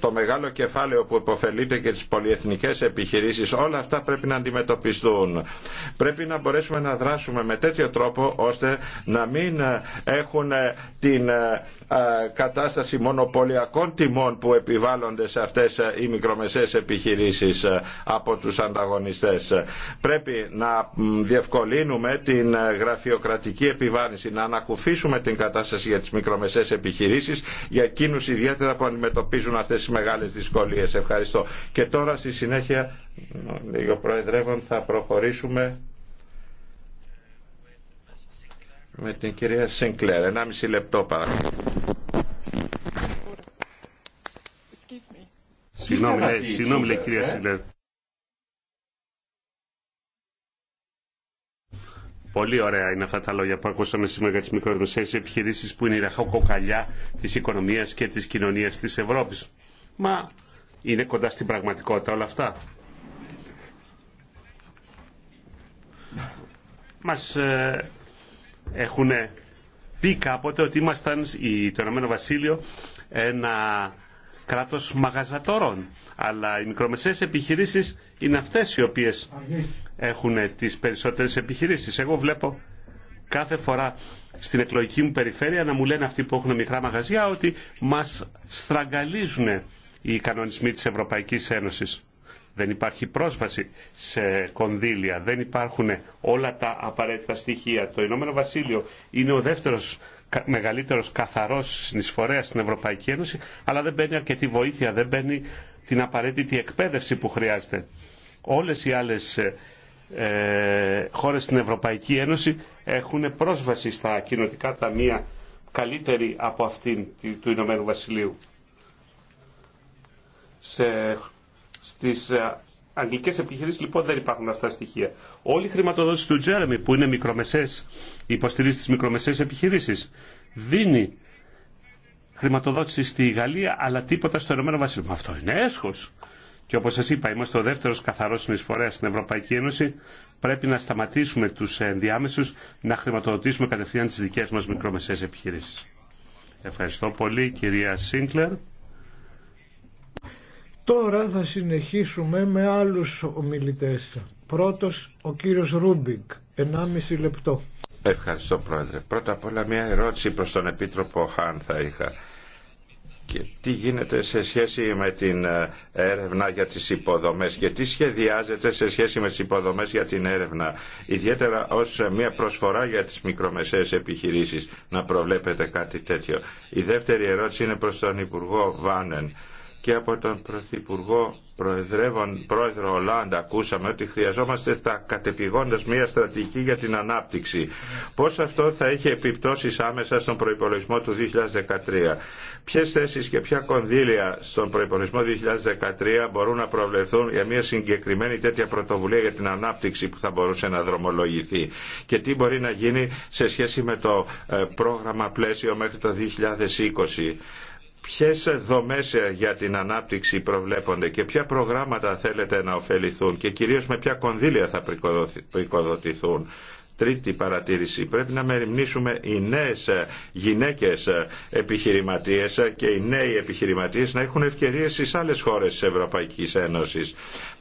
το μεγάλο κεφάλαιο που υποφελείται και τις πολυεθνικές επιχειρήσεις όλα αυτά πρέπει να αντιμετωπιστούν. Πρέπει να μπορέσουμε να δράσουμε με τέτοιο τρόπο ώστε να μην έχουμε έχουν ε, την ε, ε, κατάσταση μονοπωλιακών τιμών που επιβάλλονται σε αυτές οι μικρομεσαίες επιχειρήσεις από τους ανταγωνιστές. Πρέπει να διευκολύνουμε την γραφειοκρατική επιβάρυνση, να ανακουφίσουμε την κατάσταση για τις μικρομεσαίες επιχειρήσεις, για εκείνους ιδιαίτερα που αντιμετωπίζουν αυτές τις μεγάλες δυσκολίες. Ευχαριστώ. Και τώρα στη συνέχεια, λίγο προεδρεύον, θα προχωρήσουμε με την κυρία Σίνκλερ. Ένα μισή λεπτό παρακαλώ. Συγγνώμη, συγγνώμη λέει κυρία ε? Σίνκλερ. Πολύ ωραία είναι αυτά τα λόγια που ακούσαμε σήμερα για τι μικρομεσαίε επιχειρήσει που είναι η ραχοκοκαλιά τη οικονομία και τη κοινωνία τη Ευρώπη. Μα είναι κοντά στην πραγματικότητα όλα αυτά. Μας ε, έχουν πει κάποτε ότι ήμασταν το Ηνωμένο Βασίλειο ένα κράτος μαγαζατόρων. Αλλά οι μικρομεσαίες επιχειρήσεις είναι αυτές οι οποίες έχουν τις περισσότερες επιχειρήσεις. Εγώ βλέπω κάθε φορά στην εκλογική μου περιφέρεια να μου λένε αυτοί που έχουν μικρά μαγαζιά ότι μας στραγγαλίζουν οι κανονισμοί της Ευρωπαϊκής Ένωσης δεν υπάρχει πρόσβαση σε κονδύλια, δεν υπάρχουν όλα τα απαραίτητα στοιχεία. Το Ηνωμένο Βασίλειο είναι ο δεύτερος μεγαλύτερος καθαρός νησφορέας στην Ευρωπαϊκή Ένωση, αλλά δεν παίρνει αρκετή βοήθεια, δεν παίρνει την απαραίτητη εκπαίδευση που χρειάζεται. Όλες οι άλλες ε, ε χώρες στην Ευρωπαϊκή Ένωση έχουν πρόσβαση στα κοινοτικά ταμεία καλύτερη από αυτήν του Ηνωμένου Βασιλείου. Στις ε, αγγλικές επιχειρήσεις λοιπόν δεν υπάρχουν αυτά τα στοιχεία. Όλη η χρηματοδότηση του Τζέρεμι που είναι μικρομεσές, υποστηρίζει τις μικρομεσές επιχειρήσεις, δίνει χρηματοδότηση στη Γαλλία αλλά τίποτα στο Ηνωμένο Βασίλειο. Αυτό είναι έσχος. Και όπως σας είπα, είμαστε ο δεύτερο καθαρός συνεισφορέας στην Ευρωπαϊκή Ένωση. Πρέπει να σταματήσουμε τους ενδιάμεσους να χρηματοδοτήσουμε κατευθείαν τις δικές μας μικρομεσαίες επιχειρήσεις. Ευχαριστώ πολύ κυρία Σίνκλερ. Τώρα θα συνεχίσουμε με άλλους ομιλητές. Πρώτος ο κύριος Ρούμπικ, 1,5 λεπτό. Ευχαριστώ Πρόεδρε. Πρώτα απ' όλα μια ερώτηση προς τον Επίτροπο Χάν θα είχα. Και τι γίνεται σε σχέση με την ε, έρευνα για τις υποδομές και τι σχεδιάζεται σε σχέση με τις υποδομές για την έρευνα ιδιαίτερα ως μια προσφορά για τις μικρομεσαίες επιχειρήσεις να προβλέπετε κάτι τέτοιο. Η δεύτερη ερώτηση είναι προς τον Υπουργό Βάνεν και από τον Πρωθυπουργό Προεδρεύον, Πρόεδρο Ολάντα ακούσαμε ότι χρειαζόμαστε τα κατεπηγόντας μια στρατηγική για την ανάπτυξη. Πώς αυτό θα έχει επιπτώσεις άμεσα στον προϋπολογισμό του 2013. Ποιες θέσεις και ποια κονδύλια στον προϋπολογισμό 2013 μπορούν να προβλεφθούν για μια συγκεκριμένη τέτοια πρωτοβουλία για την ανάπτυξη που θα μπορούσε να δρομολογηθεί και τι μπορεί να γίνει σε σχέση με το ε, πρόγραμμα πλαίσιο μέχρι το 2020 ποιες δομές ε, για την ανάπτυξη προβλέπονται και ποια προγράμματα θέλετε να ωφεληθούν και κυρίως με ποια κονδύλια θα προοικοδοτηθούν. Τρίτη παρατήρηση. Πρέπει να μεριμνήσουμε οι νέε γυναίκε επιχειρηματίε ε, και οι νέοι επιχειρηματίε να έχουν ευκαιρίε στι άλλε χώρε τη Ευρωπαϊκή Ένωση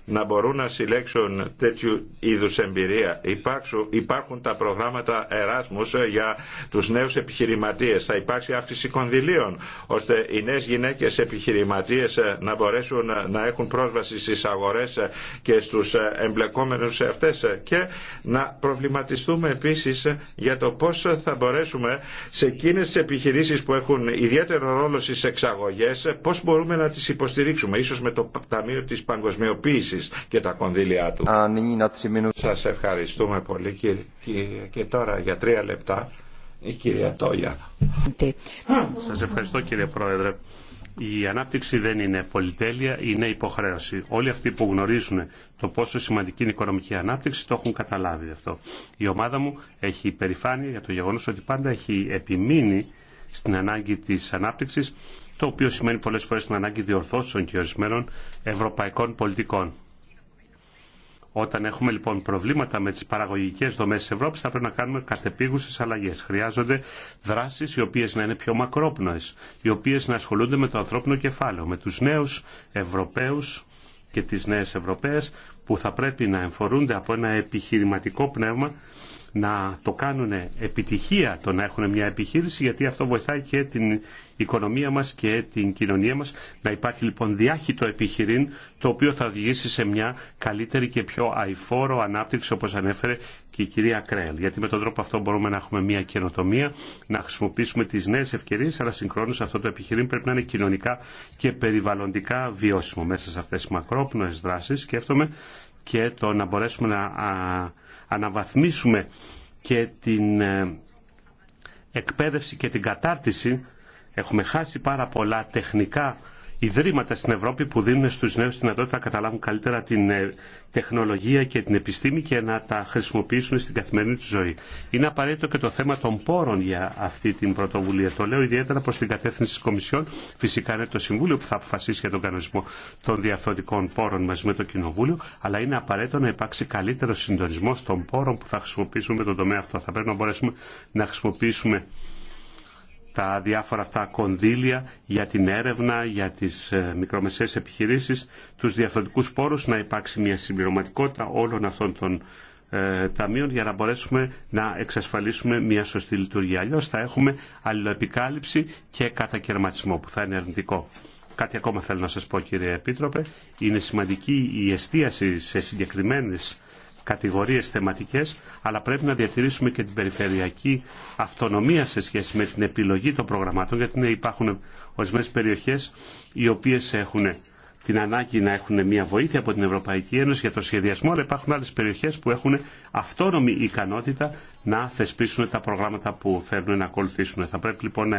να μπορούν να συλλέξουν τέτοιου είδους εμπειρία. Υπάρξουν, υπάρχουν τα προγράμματα Εράσμους για τους νέους επιχειρηματίες. Θα υπάρξει αύξηση κονδυλίων ώστε οι νέες γυναίκες επιχειρηματίες ε, να μπορέσουν ε, να έχουν πρόσβαση στις αγορές ε, και στους εμπλεκόμενους αυτές και να προβληματιστούμε επίσης για το πώς θα μπορέσουμε σε εκείνες τις επιχειρήσεις που έχουν ιδιαίτερο ρόλο στις εξαγωγές πώς μπορούμε να τις υποστηρίξουμε ίσως με το Ταμείο της παγκοσμιοποίηση και τα κονδύλια του. Σας ευχαριστούμε πολύ κύριε. Και τώρα για τρία λεπτά η κυρία Τόγια. Σας ευχαριστώ κύριε Πρόεδρε. Η ανάπτυξη δεν είναι πολυτέλεια, είναι υποχρέωση. Όλοι αυτοί που γνωρίζουν το πόσο σημαντική είναι η οικονομική ανάπτυξη το έχουν καταλάβει αυτό. Η ομάδα μου έχει περηφάνεια για το γεγονός ότι πάντα έχει επιμείνει στην ανάγκη της ανάπτυξης, το οποίο σημαίνει πολλές φορές την ανάγκη διορθώσεων και ορισμένων ευρωπαϊκών πολιτικών. Όταν έχουμε λοιπόν προβλήματα με τις παραγωγικές δομές της Ευρώπης θα πρέπει να κάνουμε κατεπίγουσες αλλαγές. Χρειάζονται δράσεις οι οποίες να είναι πιο μακρόπνοες, οι οποίες να ασχολούνται με το ανθρώπινο κεφάλαιο, με τους νέους Ευρωπαίους και τις νέες Ευρωπαίες που θα πρέπει να εμφορούνται από ένα επιχειρηματικό πνεύμα να το κάνουν επιτυχία το να έχουν μια επιχείρηση γιατί αυτό βοηθάει και την οικονομία μας και την κοινωνία μας να υπάρχει λοιπόν διάχυτο επιχειρήν το οποίο θα οδηγήσει σε μια καλύτερη και πιο αηφόρο ανάπτυξη όπως ανέφερε και η κυρία Κρέλ γιατί με τον τρόπο αυτό μπορούμε να έχουμε μια καινοτομία να χρησιμοποιήσουμε τις νέες ευκαιρίες αλλά συγχρόνως αυτό το επιχειρήν πρέπει να είναι κοινωνικά και περιβαλλοντικά βιώσιμο μέσα σε αυτές τις μακρόπνοες δράσεις σκέφτομαι και το να μπορέσουμε να αναβαθμίσουμε και την ε, εκπαίδευση και την κατάρτιση. Έχουμε χάσει πάρα πολλά τεχνικά ιδρύματα στην Ευρώπη που δίνουν στους νέους τη δυνατότητα να καταλάβουν καλύτερα την ε, τεχνολογία και την επιστήμη και να τα χρησιμοποιήσουν στην καθημερινή του ζωή. Είναι απαραίτητο και το θέμα των πόρων για αυτή την πρωτοβουλία. Το λέω ιδιαίτερα προς την κατεύθυνση της Κομισιόν. Φυσικά είναι το Συμβούλιο που θα αποφασίσει για τον κανονισμό των διαφθορτικών πόρων μαζί με το Κοινοβούλιο, αλλά είναι απαραίτητο να υπάρξει καλύτερο συντονισμό των πόρων που θα χρησιμοποιήσουμε τον τομέα αυτό. Θα πρέπει να μπορέσουμε να χρησιμοποιήσουμε τα διάφορα αυτά κονδύλια για την έρευνα, για τις ε, μικρομεσαίες επιχειρήσεις, τους διαφορετικούς πόρους, να υπάρξει μια συμπληρωματικότητα όλων αυτών των ε, ταμείων για να μπορέσουμε να εξασφαλίσουμε μια σωστή λειτουργία. Αλλιώς θα έχουμε αλληλοεπικάλυψη και κατακαιρματισμό που θα είναι αρνητικό. Κάτι ακόμα θέλω να σας πω κύριε Επίτροπε, είναι σημαντική η εστίαση σε συγκεκριμένες κατηγορίες θεματικές, αλλά πρέπει να διατηρήσουμε και την περιφερειακή αυτονομία σε σχέση με την επιλογή των προγραμμάτων, γιατί ναι, υπάρχουν ορισμένε περιοχές οι οποίες έχουν την ανάγκη να έχουν μια βοήθεια από την Ευρωπαϊκή Ένωση για το σχεδιασμό, αλλά υπάρχουν άλλες περιοχές που έχουν αυτόνομη ικανότητα να θεσπίσουν τα προγράμματα που θέλουν να ακολουθήσουν. Θα πρέπει λοιπόν να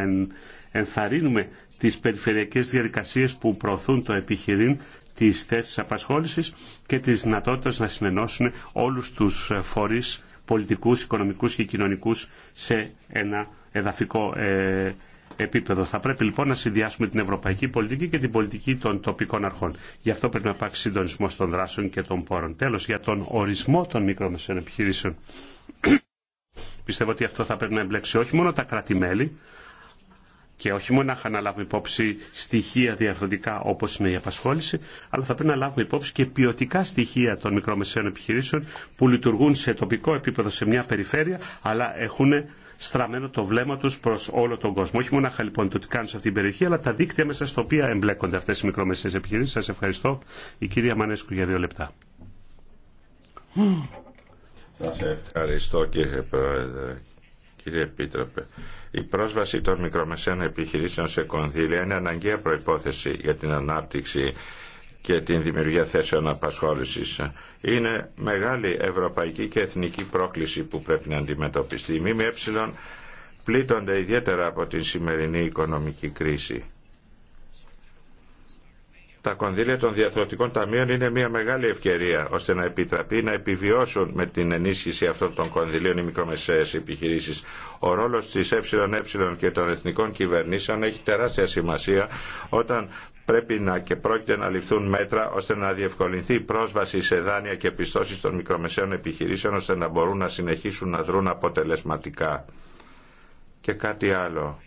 ενθαρρύνουμε τις περιφερειακές διαδικασίες που προωθούν το επιχειρήν τις θέσεις απασχόλησης και τις δυνατότητες να συνενώσουν όλους τους φορείς πολιτικούς, οικονομικούς και κοινωνικούς σε ένα εδαφικό ε, επίπεδο. Θα πρέπει λοιπόν να συνδυάσουμε την ευρωπαϊκή πολιτική και την πολιτική των τοπικών αρχών. Γι' αυτό πρέπει να υπάρξει συντονισμό των δράσεων και των πόρων. Τέλος, για τον ορισμό των μικρομεσαίων επιχειρήσεων. [coughs] Πιστεύω ότι αυτό θα πρέπει να εμπλέξει όχι μόνο τα κράτη-μέλη, και όχι μόνο να λάβουμε υπόψη στοιχεία διαρθρωτικά όπω είναι η απασχόληση, αλλά θα πρέπει να λάβουμε υπόψη και ποιοτικά στοιχεία των μικρομεσαίων επιχειρήσεων που λειτουργούν σε τοπικό επίπεδο σε μια περιφέρεια, αλλά έχουν στραμμένο το βλέμμα του προ όλο τον κόσμο. Όχι μόνο λοιπόν το τι κάνουν σε αυτή την περιοχή, αλλά τα δίκτυα μέσα στα οποία εμπλέκονται αυτέ οι μικρομεσαίε επιχειρήσει. Σα ευχαριστώ. Η κυρία Μανέσκου για δύο λεπτά. Σα ευχαριστώ κύριε Πρόεδρε κύριε Επίτροπε. Η πρόσβαση των μικρομεσαίων επιχειρήσεων σε κονδύλια είναι αναγκαία προϋπόθεση για την ανάπτυξη και την δημιουργία θέσεων απασχόλησης. Είναι μεγάλη ευρωπαϊκή και εθνική πρόκληση που πρέπει να αντιμετωπιστεί. Οι ΜΜΕ πλήττονται ιδιαίτερα από την σημερινή οικονομική κρίση τα κονδύλια των διαθροτικών ταμείων είναι μια μεγάλη ευκαιρία ώστε να επιτραπεί να επιβιώσουν με την ενίσχυση αυτών των κονδυλίων οι μικρομεσαίες επιχειρήσει. Ο ρόλο τη ΕΕ και των εθνικών κυβερνήσεων έχει τεράστια σημασία όταν πρέπει να και πρόκειται να ληφθούν μέτρα ώστε να διευκολυνθεί η πρόσβαση σε δάνεια και πιστώσει των μικρομεσαίων επιχειρήσεων ώστε να μπορούν να συνεχίσουν να δρουν αποτελεσματικά. Και κάτι άλλο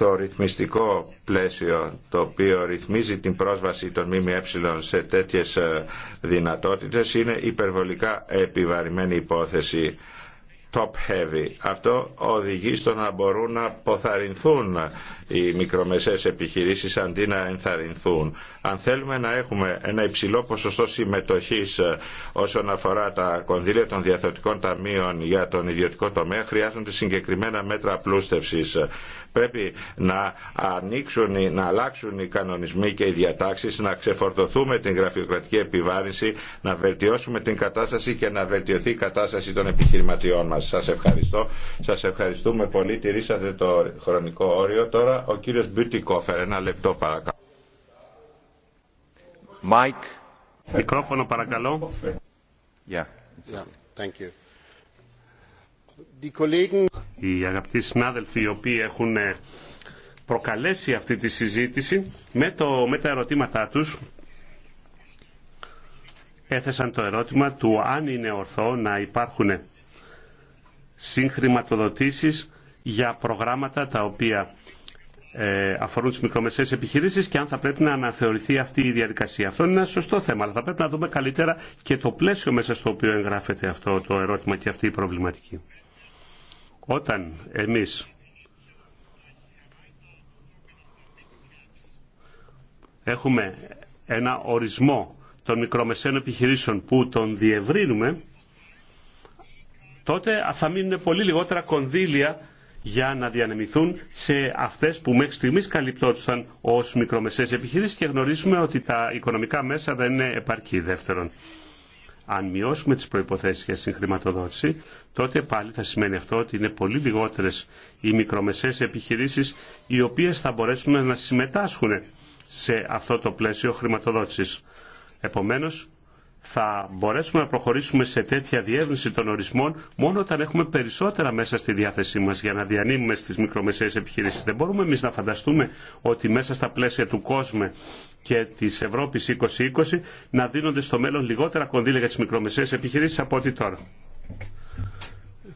το ρυθμιστικό πλαίσιο το οποίο ρυθμίζει την πρόσβαση των ΜΜΕ σε τέτοιες ε, δυνατότητες είναι υπερβολικά επιβαρημένη υπόθεση top heavy. Αυτό οδηγεί στο να μπορούν να ποθαρινθούν οι μικρομεσαίες επιχειρήσεις αντί να ενθαρρυνθούν. Αν θέλουμε να έχουμε ένα υψηλό ποσοστό συμμετοχής ε, όσον αφορά τα κονδύλια των διαθετικών ταμείων για τον ιδιωτικό τομέα χρειάζονται συγκεκριμένα μέτρα απλούστευσης. Πρέπει να ανοίξουν, να αλλάξουν οι κανονισμοί και οι διατάξεις, να ξεφορτωθούμε την γραφειοκρατική επιβάρυνση, να βελτιώσουμε την κατάσταση και να βελτιωθεί η κατάσταση των επιχειρηματιών μας μας. Σας ευχαριστώ. Σας ευχαριστούμε πολύ. Τηρήσατε το χρονικό όριο. Τώρα ο κύριος Μπιουτικόφερ. Ένα λεπτό παρακαλώ. Μάικ, Μικρόφωνο παρακαλώ. Yeah. Οι αγαπητοί συνάδελφοι οι οποίοι έχουν ε, προκαλέσει αυτή τη συζήτηση με, το, με τα ερωτήματά τους έθεσαν το ερώτημα του αν είναι ορθό να υπάρχουν συγχρηματοδοτήσεις για προγράμματα τα οποία ε, αφορούν τις μικρομεσαίες επιχειρήσεις και αν θα πρέπει να αναθεωρηθεί αυτή η διαδικασία. Αυτό είναι ένα σωστό θέμα, αλλά θα πρέπει να δούμε καλύτερα και το πλαίσιο μέσα στο οποίο εγγράφεται αυτό το ερώτημα και αυτή η προβληματική. Όταν εμείς έχουμε ένα ορισμό των μικρομεσαίων επιχειρήσεων που τον διευρύνουμε, τότε θα μείνουν πολύ λιγότερα κονδύλια για να διανεμηθούν σε αυτές που μέχρι στιγμής καλυπτόντουσαν ως μικρομεσαίες επιχειρήσεις και γνωρίζουμε ότι τα οικονομικά μέσα δεν είναι επαρκή δεύτερον. Αν μειώσουμε τις προϋποθέσεις για συγχρηματοδότηση, τότε πάλι θα σημαίνει αυτό ότι είναι πολύ λιγότερες οι μικρομεσαίες επιχειρήσεις οι οποίες θα μπορέσουν να συμμετάσχουν σε αυτό το πλαίσιο χρηματοδότησης. Επομένως, θα μπορέσουμε να προχωρήσουμε σε τέτοια διεύρυνση των ορισμών μόνο όταν έχουμε περισσότερα μέσα στη διάθεσή μα για να διανύμουμε στι μικρομεσαίες επιχειρήσει. Δεν μπορούμε εμεί να φανταστούμε ότι μέσα στα πλαίσια του κόσμου και τη Ευρώπη 2020 να δίνονται στο μέλλον λιγότερα κονδύλια για τι μικρομεσαίες επιχειρήσει από ό,τι τώρα.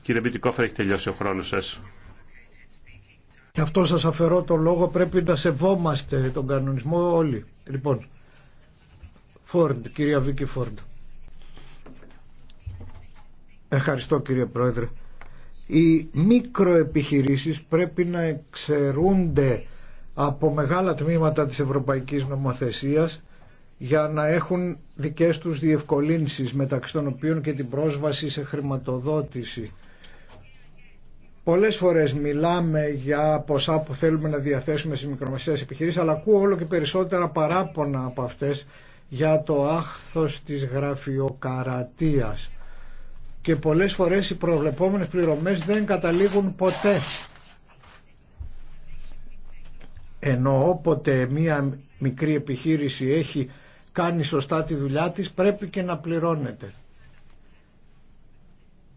Κύριε Μπιτικόφερ, έχει τελειώσει ο χρόνο σα. Γι' αυτό σα αφαιρώ το λόγο, πρέπει να σεβόμαστε τον κανονισμό όλοι. Λοιπόν, Φόρντ, κυρία Βίκη Φόρντ. Ευχαριστώ κύριε Πρόεδρε. Οι μικροεπιχειρήσεις πρέπει να εξαιρούνται από μεγάλα τμήματα της Ευρωπαϊκής Νομοθεσίας για να έχουν δικές τους διευκολύνσεις μεταξύ των οποίων και την πρόσβαση σε χρηματοδότηση. Πολλές φορές μιλάμε για ποσά που θέλουμε να διαθέσουμε στις μικρομεσαίες επιχειρήσεις αλλά ακούω όλο και περισσότερα παράπονα από αυτές για το άχθος της γραφειοκαρατίας και πολλές φορές οι προβλεπόμενες πληρωμές δεν καταλήγουν ποτέ ενώ όποτε μία μικρή επιχείρηση έχει κάνει σωστά τη δουλειά της πρέπει και να πληρώνεται.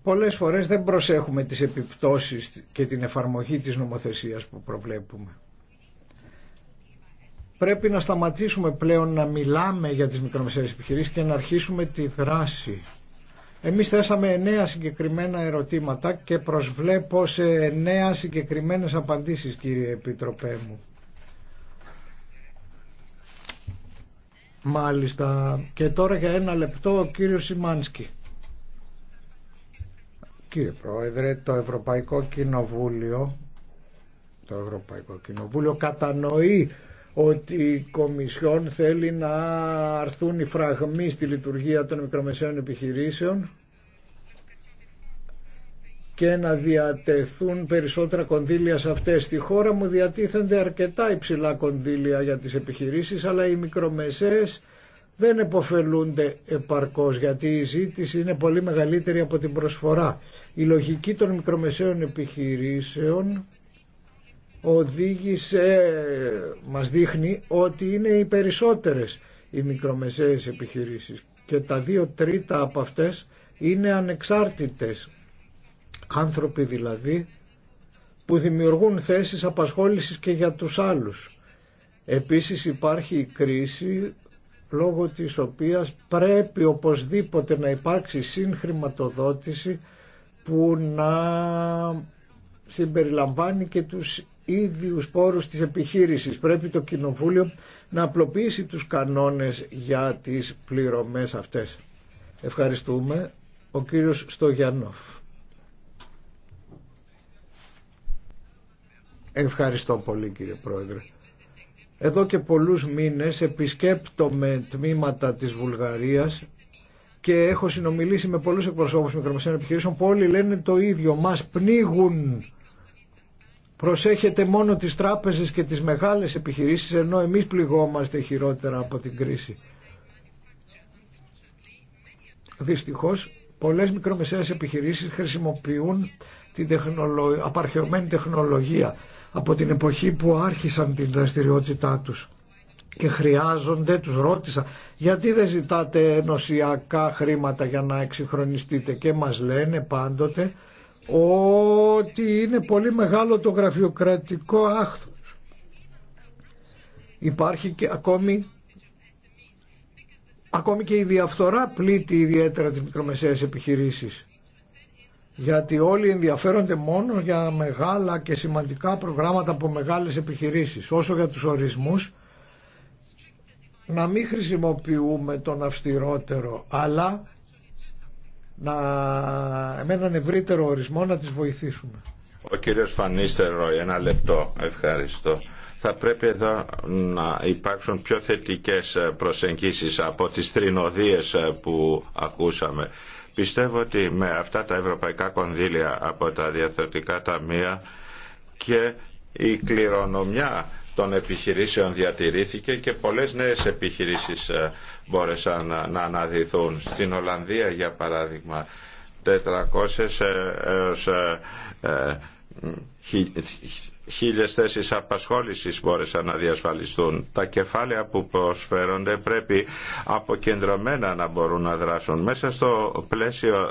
Πολλές φορές δεν προσέχουμε τις επιπτώσεις και την εφαρμογή της νομοθεσίας που προβλέπουμε. Πρέπει να σταματήσουμε πλέον να μιλάμε για τις μικρομεσαίες επιχειρήσεις και να αρχίσουμε τη δράση. Εμείς θέσαμε εννέα συγκεκριμένα ερωτήματα και προσβλέπω σε εννέα συγκεκριμένες απαντήσεις κύριε Επιτροπέ μου. Μάλιστα. Και τώρα για ένα λεπτό ο κύριος Σιμάνσκι. Κύριε Πρόεδρε, το Ευρωπαϊκό Κοινοβούλιο το Ευρωπαϊκό Κοινοβούλιο κατανοεί ότι η Κομισιόν θέλει να αρθούν οι φραγμοί στη λειτουργία των μικρομεσαίων επιχειρήσεων και να διατεθούν περισσότερα κονδύλια σε αυτές. Στη χώρα μου διατίθενται αρκετά υψηλά κονδύλια για τις επιχειρήσεις, αλλά οι μικρομεσαίες δεν επωφελούνται επαρκώς, γιατί η ζήτηση είναι πολύ μεγαλύτερη από την προσφορά. Η λογική των μικρομεσαίων επιχειρήσεων οδήγησε, μας δείχνει ότι είναι οι περισσότερες οι μικρομεσαίες επιχειρήσεις και τα δύο τρίτα από αυτές είναι ανεξάρτητες άνθρωποι δηλαδή που δημιουργούν θέσεις απασχόλησης και για τους άλλους. Επίσης υπάρχει η κρίση λόγω της οποίας πρέπει οπωσδήποτε να υπάρξει συγχρηματοδότηση που να συμπεριλαμβάνει και τους ίδιους πόρους της επιχείρησης. Πρέπει το Κοινοβούλιο να απλοποιήσει τους κανόνες για τις πληρωμές αυτές. Ευχαριστούμε. Ο κύριος Στογιανόφ. Ευχαριστώ πολύ κύριε Πρόεδρε. Εδώ και πολλούς μήνες επισκέπτομαι τμήματα της Βουλγαρίας και έχω συνομιλήσει με πολλούς εκπροσώπους μικρομεσαίων επιχειρήσεων που όλοι λένε το ίδιο. Μας πνίγουν προσέχετε μόνο τις τράπεζες και τις μεγάλες επιχειρήσεις ενώ εμείς πληγόμαστε χειρότερα από την κρίση. Δυστυχώς πολλές μικρομεσαίες επιχειρήσεις χρησιμοποιούν την απαρχαιωμένη τεχνολογία από την εποχή που άρχισαν την δραστηριότητά τους και χρειάζονται, τους ρώτησα, γιατί δεν ζητάτε ενωσιακά χρήματα για να εξυγχρονιστείτε και μας λένε πάντοτε ότι είναι πολύ μεγάλο το γραφειοκρατικό άχθος. Υπάρχει και ακόμη, ακόμη και η διαφθορά πλήττει ιδιαίτερα τις μικρομεσαίες επιχειρήσεις. Γιατί όλοι ενδιαφέρονται μόνο για μεγάλα και σημαντικά προγράμματα από μεγάλες επιχειρήσεις. Όσο για τους ορισμούς, να μην χρησιμοποιούμε τον αυστηρότερο, αλλά να, με έναν ευρύτερο ορισμό να τις βοηθήσουμε. Ο κύριος Φανίστερο, ένα λεπτό, ευχαριστώ. Θα πρέπει εδώ να υπάρξουν πιο θετικές προσεγγίσεις από τις τρινοδίες που ακούσαμε. Πιστεύω ότι με αυτά τα ευρωπαϊκά κονδύλια από τα διαθετικά ταμεία και η κληρονομιά των επιχειρήσεων διατηρήθηκε και πολλές νέες επιχειρήσεις ε, μπόρεσαν ε, να αναδυθούν. Στην Ολλανδία, για παράδειγμα, 400 ε, έως χίλιες θέσεις απασχόλησης μπόρεσαν να διασφαλιστούν. Τα κεφάλαια που προσφέρονται πρέπει αποκεντρωμένα να μπορούν να δράσουν. Μέσα στο πλαίσιο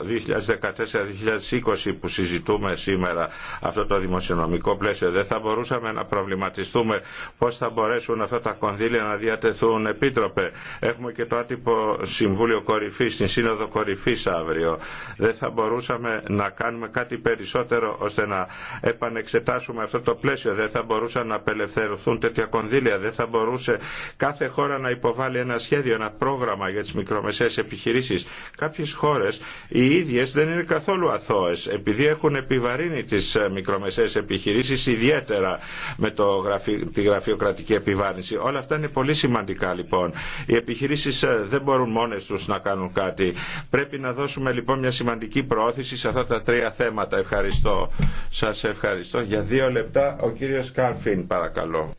2014-2020 που συζητούμε σήμερα αυτό το δημοσιονομικό πλαίσιο δεν θα μπορούσαμε να προβληματιστούμε πώς θα μπορέσουν αυτά τα κονδύλια να διατεθούν επίτροπε. Έχουμε και το άτυπο Συμβούλιο Κορυφής, την Σύνοδο Κορυφής αύριο. Δεν θα μπορούσαμε να κάνουμε κάτι περισσότερο ώστε να επανεξετάσουμε αυτό το πλαίσιο πλαίσιο δεν θα μπορούσαν να απελευθερωθούν τέτοια κονδύλια, δεν θα μπορούσε κάθε χώρα να υποβάλει ένα σχέδιο, ένα πρόγραμμα για τις μικρομεσαίες επιχειρήσεις. Κάποιες χώρες οι ίδιες δεν είναι καθόλου αθώες επειδή έχουν επιβαρύνει τις ε, μικρομεσαίες επιχειρήσεις ιδιαίτερα με το τη γραφειοκρατική επιβάρυνση. Όλα αυτά είναι πολύ σημαντικά λοιπόν. Οι επιχειρήσεις ε, δεν μπορούν μόνες τους να κάνουν κάτι. Πρέπει να δώσουμε λοιπόν μια σημαντική προώθηση σε αυτά τα τρία θέματα. Ευχαριστώ. Σας ευχαριστώ. Για δύο λεπτά ο κύριος Κάρφιν παρακαλώ.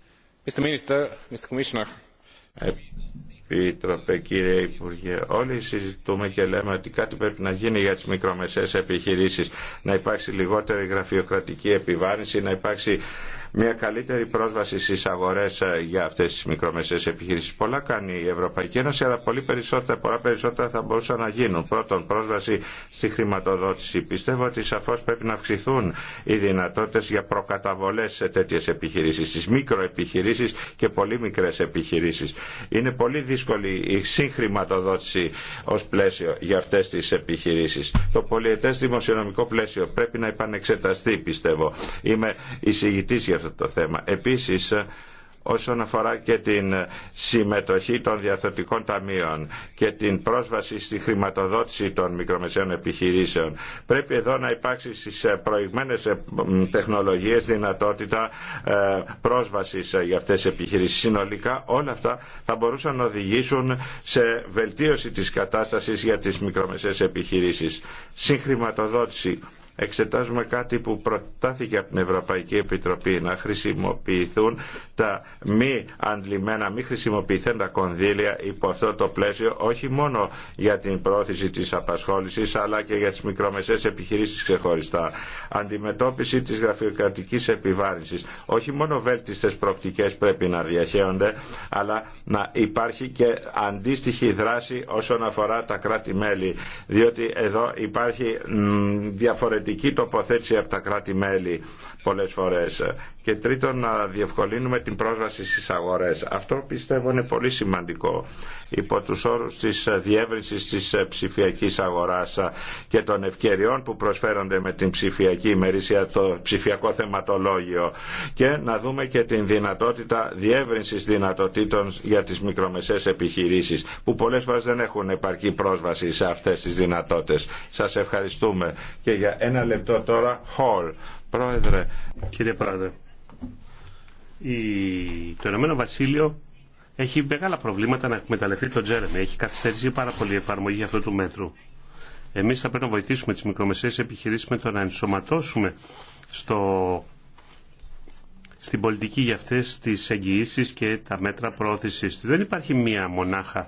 Επίτροπε κύριε Υπουργέ, όλοι συζητούμε και λέμε ότι κάτι πρέπει να γίνει για τις μικρομεσαίες επιχειρήσεις, να υπάρξει λιγότερη γραφειοκρατική επιβάρυνση, να υπάρξει μια καλύτερη πρόσβαση στις αγορές ε, για αυτές τις μικρομεσαίες επιχειρήσεις. Πολλά κάνει η Ευρωπαϊκή Ένωση, αλλά πολύ περισσότερα, πολλά περισσότερα θα μπορούσαν να γίνουν. Πρώτον, πρόσβαση στη χρηματοδότηση. Πιστεύω ότι σαφώς πρέπει να αυξηθούν οι δυνατότητες για προκαταβολές σε τέτοιες επιχειρήσεις, στις μικροεπιχειρήσεις και πολύ μικρές επιχειρήσεις. Είναι πολύ δύσκολη η συγχρηματοδότηση ως πλαίσιο για αυτές τις επιχειρήσεις. Το πολιετές δημοσιονομικό πλαίσιο πρέπει να επανεξεταστεί, πιστεύω. Είμαι εισηγητής για αυτό αυτό το θέμα. Επίσης, όσον αφορά και την συμμετοχή των διαθετικών ταμείων και την πρόσβαση στη χρηματοδότηση των μικρομεσαίων επιχειρήσεων. Πρέπει εδώ να υπάρξει στις προηγμένες ε, τεχνολογίες δυνατότητα ε, πρόσβασης ε, για αυτές τις επιχειρήσεις. Συνολικά όλα αυτά θα μπορούσαν να οδηγήσουν σε βελτίωση της κατάστασης για τις μικρομεσαίες επιχειρήσεις. Συγχρηματοδότηση εξετάζουμε κάτι που προτάθηκε από την Ευρωπαϊκή Επιτροπή να χρησιμοποιηθούν τα μη αντλημένα, μη χρησιμοποιηθέντα κονδύλια υπό αυτό το πλαίσιο όχι μόνο για την πρόθεση της απασχόλησης αλλά και για τις μικρομεσαίες επιχειρήσεις ξεχωριστά. Αντιμετώπιση της γραφειοκρατικής επιβάρυνσης. Όχι μόνο βέλτιστες προκτικές πρέπει να διαχέονται αλλά να υπάρχει και αντίστοιχη δράση όσον αφορά τα κράτη-μέλη διότι εδώ υπάρχει διαφορετική διαφορετική τοποθέτηση από τα κράτη-μέλη πολλές φορές και τρίτον να διευκολύνουμε την πρόσβαση στις αγορές. Αυτό πιστεύω είναι πολύ σημαντικό υπό τους όρους της διεύρυνσης της ψηφιακής αγοράς και των ευκαιριών που προσφέρονται με την ψηφιακή ημερήσια, το ψηφιακό θεματολόγιο και να δούμε και την δυνατότητα διεύρυνσης δυνατοτήτων για τις μικρομεσαίες επιχειρήσεις που πολλές φορές δεν έχουν επαρκή πρόσβαση σε αυτές τις δυνατότητες. Σας ευχαριστούμε και για ένα λεπτό τώρα Hall. Πρόεδρε. Κύριε Πρόεδρε το Ηνωμένο Βασίλειο έχει μεγάλα προβλήματα να εκμεταλλευτεί το Τζέρεμι. Έχει καθυστερήσει πάρα πολύ η εφαρμογή αυτού του μέτρου. Εμεί θα πρέπει να βοηθήσουμε τι μικρομεσαίες επιχειρήσει με το να ενσωματώσουμε στο, στην πολιτική για αυτέ τι εγγυήσει και τα μέτρα πρόθεση. Δεν υπάρχει μία μονάχα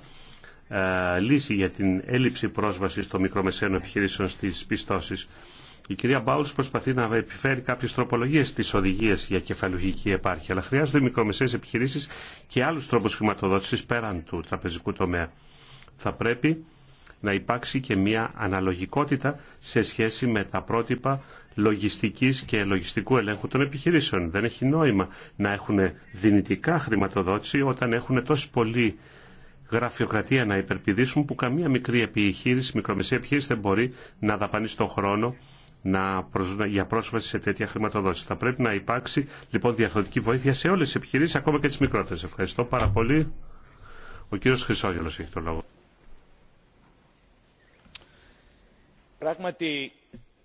ε, λύση για την έλλειψη πρόσβαση των μικρομεσαίων επιχειρήσεων στι πιστώσει. Η κυρία Μπάουλς προσπαθεί να επιφέρει κάποιε τροπολογίε στι οδηγίε για κεφαλουχική επάρχεια, αλλά χρειάζονται μικρομεσαίε επιχειρήσει και άλλου τρόπους χρηματοδότηση πέραν του τραπεζικού τομέα. Θα πρέπει να υπάρξει και μια αναλογικότητα σε σχέση με τα πρότυπα λογιστική και λογιστικού ελέγχου των επιχειρήσεων. Δεν έχει νόημα να έχουν δυνητικά χρηματοδότηση όταν έχουν τόσο πολύ γραφειοκρατία να υπερπηδήσουν που καμία μικρή επιχείρηση, μικρομεσαία επιχείρηση δεν μπορεί να δαπανίσει τον χρόνο να για πρόσβαση σε τέτοια χρηματοδότηση. Θα πρέπει να υπάρξει λοιπόν διαφορετική βοήθεια σε όλε τι επιχειρήσει, ακόμα και τι μικρότερε. Ευχαριστώ πάρα πολύ. Ο κύριο Χρυσόγελο έχει το λόγο. Πράγματι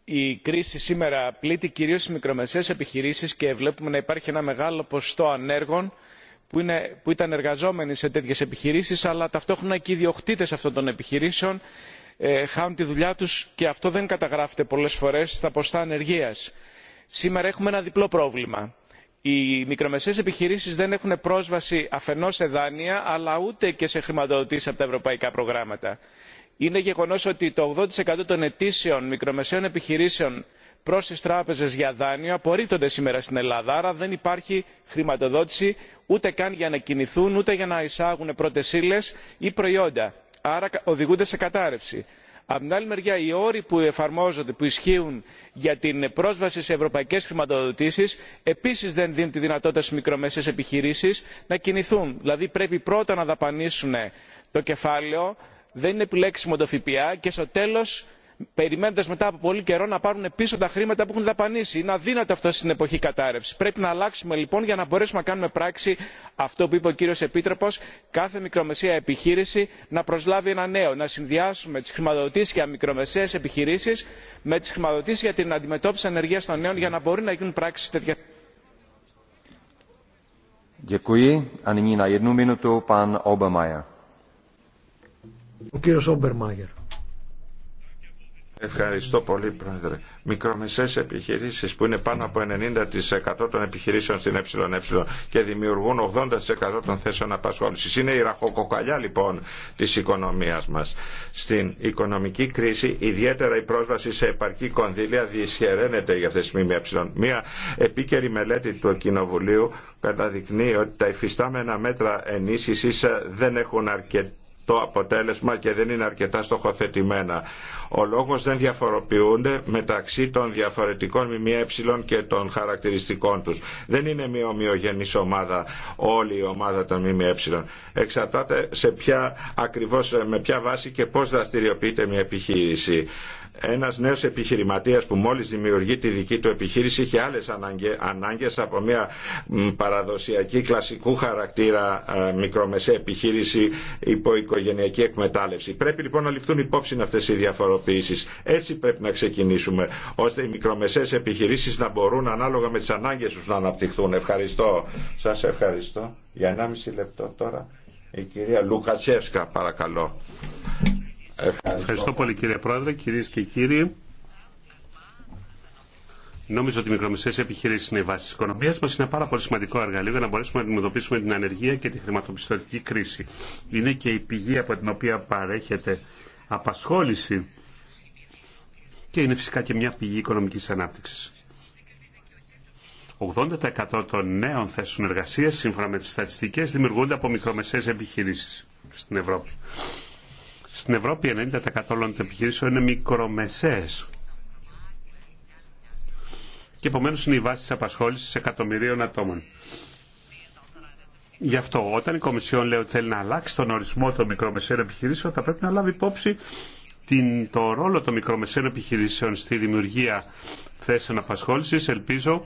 η κρίση σήμερα πλήττει κυρίω τι μικρομεσαίε επιχειρήσει και βλέπουμε να υπάρχει ένα μεγάλο ποσοστό ανέργων που, είναι, που ήταν εργαζόμενοι σε τέτοιε επιχειρήσει, αλλά ταυτόχρονα και οι ιδιοκτήτες αυτών των επιχειρήσεων ε, χάνουν τη δουλειά τους και αυτό δεν καταγράφεται πολλές φορές στα ποστά ανεργίας. Σήμερα έχουμε ένα διπλό πρόβλημα. Οι μικρομεσαίες επιχειρήσεις δεν έχουν πρόσβαση αφενός σε δάνεια αλλά ούτε και σε χρηματοδοτήσεις από τα ευρωπαϊκά προγράμματα. Είναι γεγονός ότι το 80% των αιτήσεων μικρομεσαίων επιχειρήσεων προ τι τράπεζε για δάνειο απορρίπτονται σήμερα στην ελλάδα άρα δεν υπάρχει χρηματοδότηση ούτε καν για να κινηθούν ούτε για να εισάγουν πρώτε ύλε ή προϊόντα άρα οδηγούνται σε κατάρρευση. Από την άλλη μεριά, οι όροι που εφαρμόζονται, που ισχύουν για την πρόσβαση σε ευρωπαϊκέ χρηματοδοτήσει, επίση δεν δίνουν τη δυνατότητα στι μικρομεσαίε επιχειρήσει να κινηθούν. Δηλαδή, πρέπει πρώτα να δαπανίσουν το κεφάλαιο, δεν είναι επιλέξιμο το ΦΠΑ και στο τέλο περιμένοντα μετά από πολύ καιρό να πάρουν πίσω τα χρήματα που έχουν δαπανήσει. είναι αδύνατο αυτό στην εποχή κατάρρευση. πρέπει να αλλάξουμε λοιπόν για να μπορέσουμε να κάνουμε πράξη αυτό που είπε ο κύριο επίτροπο κάθε μικρομεσαία επιχείρηση να προσλάβει ένα νέο να συνδυάσουμε τι χρηματοδοτήσει για μικρομεσαίε επιχειρήσει με τι χρηματοδοτήσει για την αντιμετώπιση ανεργία των νέων για να μπορεί να γίνουν πράξει τέτοια. Ο Ευχαριστώ πολύ, Πρόεδρε. Μικρομεσαίες επιχειρήσεις που είναι πάνω από 90% των επιχειρήσεων στην ΕΕ και δημιουργούν 80% των θέσεων απασχόλησης. Είναι η ραχοκοκαλιά λοιπόν της οικονομίας μας. Στην οικονομική κρίση ιδιαίτερα η πρόσβαση σε επαρκή κονδύλια δυσχεραίνεται για αυτές τις ΜΜΕ. Μία επίκαιρη μελέτη του Κοινοβουλίου καταδεικνύει ότι τα υφιστάμενα μέτρα ενίσχυσης δεν έχουν αρκετή το αποτέλεσμα και δεν είναι αρκετά στοχοθετημένα. Ο λόγος δεν διαφοροποιούνται μεταξύ των διαφορετικών ΜΜΕ και των χαρακτηριστικών τους. Δεν είναι μια ομοιογενής ομάδα όλη η ομάδα των ΜΜΕ. Εξαρτάται σε ποια, ακριβώς με ποια βάση και πώς δραστηριοποιείται μια επιχείρηση. Ένα νέο επιχειρηματίας που μόλι δημιουργεί τη δική του επιχείρηση είχε άλλε ανάγκε από μια παραδοσιακή κλασικού χαρακτήρα ε, μικρομεσαία επιχείρηση υπό οικογενειακή εκμετάλλευση. Πρέπει λοιπόν να ληφθούν υπόψη αυτέ οι διαφοροποιήσει. Έτσι πρέπει να ξεκινήσουμε ώστε οι μικρομεσαίες επιχειρήσει να μπορούν ανάλογα με τι ανάγκε του να αναπτυχθούν. Ευχαριστώ. Σα ευχαριστώ. Για 1,5 λεπτό τώρα η κυρία λουκατσέφσκα παρακαλώ. Ευχαριστώ. Ευχαριστώ πολύ κύριε Πρόεδρε, κυρίες και κύριοι. Νομίζω ότι οι μικρομεσαίε επιχειρήσει είναι η βάση τη οικονομία μα. Είναι πάρα πολύ σημαντικό εργαλείο για να μπορέσουμε να αντιμετωπίσουμε την ανεργία και τη χρηματοπιστωτική κρίση. Είναι και η πηγή από την οποία παρέχεται απασχόληση και είναι φυσικά και μια πηγή οικονομική ανάπτυξη. 80% των νέων θέσεων εργασία, σύμφωνα με τι στατιστικέ, δημιουργούνται από μικρομεσαίε επιχειρήσει στην Ευρώπη. Στην Ευρώπη 90% όλων των επιχειρήσεων είναι μικρομεσαίες. Και επομένως είναι η βάση της απασχόλησης εκατομμυρίων ατόμων. Γι' αυτό όταν η Κομισιόν λέει ότι θέλει να αλλάξει τον ορισμό των μικρομεσαίων επιχειρήσεων θα πρέπει να λάβει υπόψη την, το ρόλο των μικρομεσαίων επιχειρήσεων στη δημιουργία θέσεων απασχόλησης. Ελπίζω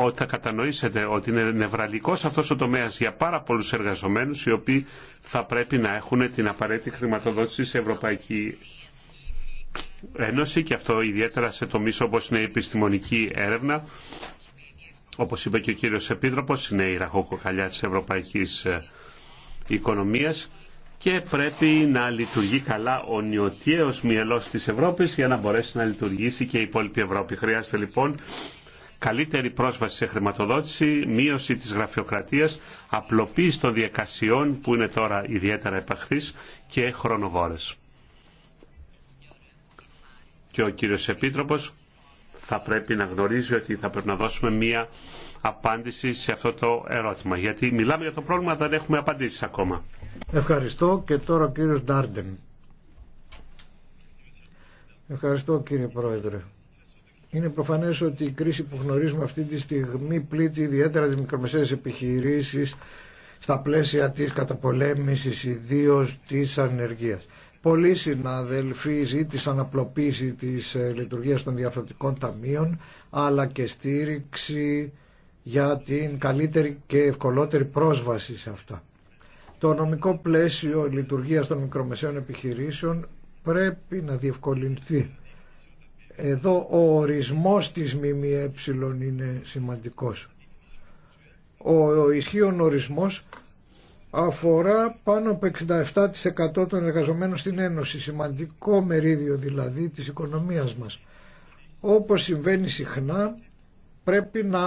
όταν κατανοήσετε ότι είναι νευραλικός αυτός ο τομέας για πάρα πολλούς εργαζομένους οι οποίοι θα πρέπει να έχουν την απαραίτητη χρηματοδότηση σε Ευρωπαϊκή Ένωση και αυτό ιδιαίτερα σε τομείς όπως είναι η επιστημονική έρευνα όπως είπε και ο κύριος Επίτροπος είναι η ραχοκοκαλιά της Ευρωπαϊκής ε, Οικονομίας και πρέπει να λειτουργεί καλά ο νιωτιαίος μυελός της Ευρώπης για να μπορέσει να λειτουργήσει και η υπόλοιπη Ευρώπη. Χρειάζεται λοιπόν καλύτερη πρόσβαση σε χρηματοδότηση, μείωση της γραφειοκρατίας, απλοποίηση των διακασιών που είναι τώρα ιδιαίτερα επαχθείς και χρονοβόρες. Και ο κύριος Επίτροπος θα πρέπει να γνωρίζει ότι θα πρέπει να δώσουμε μία απάντηση σε αυτό το ερώτημα. Γιατί μιλάμε για το πρόβλημα, δεν έχουμε απαντήσει ακόμα. Ευχαριστώ και τώρα ο κύριος Ντάρντεν. Ευχαριστώ κύριε Πρόεδρε. Είναι προφανές ότι η κρίση που γνωρίζουμε αυτή τη στιγμή πλήττει ιδιαίτερα τις μικρομεσαίες επιχειρήσεις στα πλαίσια της καταπολέμησης ιδίω της ανεργίας. Πολλοί συναδελφοί ζήτησαν απλοποίηση της ε, λειτουργίας των διαφορετικών ταμείων αλλά και στήριξη για την καλύτερη και ευκολότερη πρόσβαση σε αυτά. Το νομικό πλαίσιο λειτουργίας των μικρομεσαίων επιχειρήσεων πρέπει να διευκολυνθεί εδώ ο ορισμός της ΜΜΕ είναι σημαντικός. Ο ισχύων ορισμός αφορά πάνω από 67% των εργαζομένων στην Ένωση, σημαντικό μερίδιο δηλαδή της οικονομίας μας. Όπως συμβαίνει συχνά, πρέπει να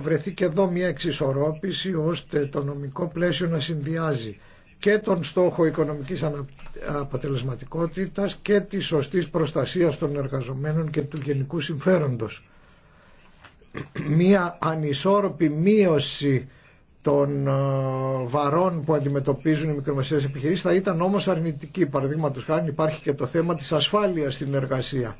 βρεθεί και εδώ μια εξισορρόπηση ώστε το νομικό πλαίσιο να συνδυάζει και τον στόχο οικονομικής αποτελεσματικότητας και της σωστής προστασίας των εργαζομένων και του γενικού συμφέροντος. Μία ανισόρροπη μείωση των ε, βαρών που αντιμετωπίζουν οι μικρομεσαίες επιχειρήσεις θα ήταν όμως αρνητική. Παραδείγματος χάρη υπάρχει και το θέμα της ασφάλειας στην εργασία.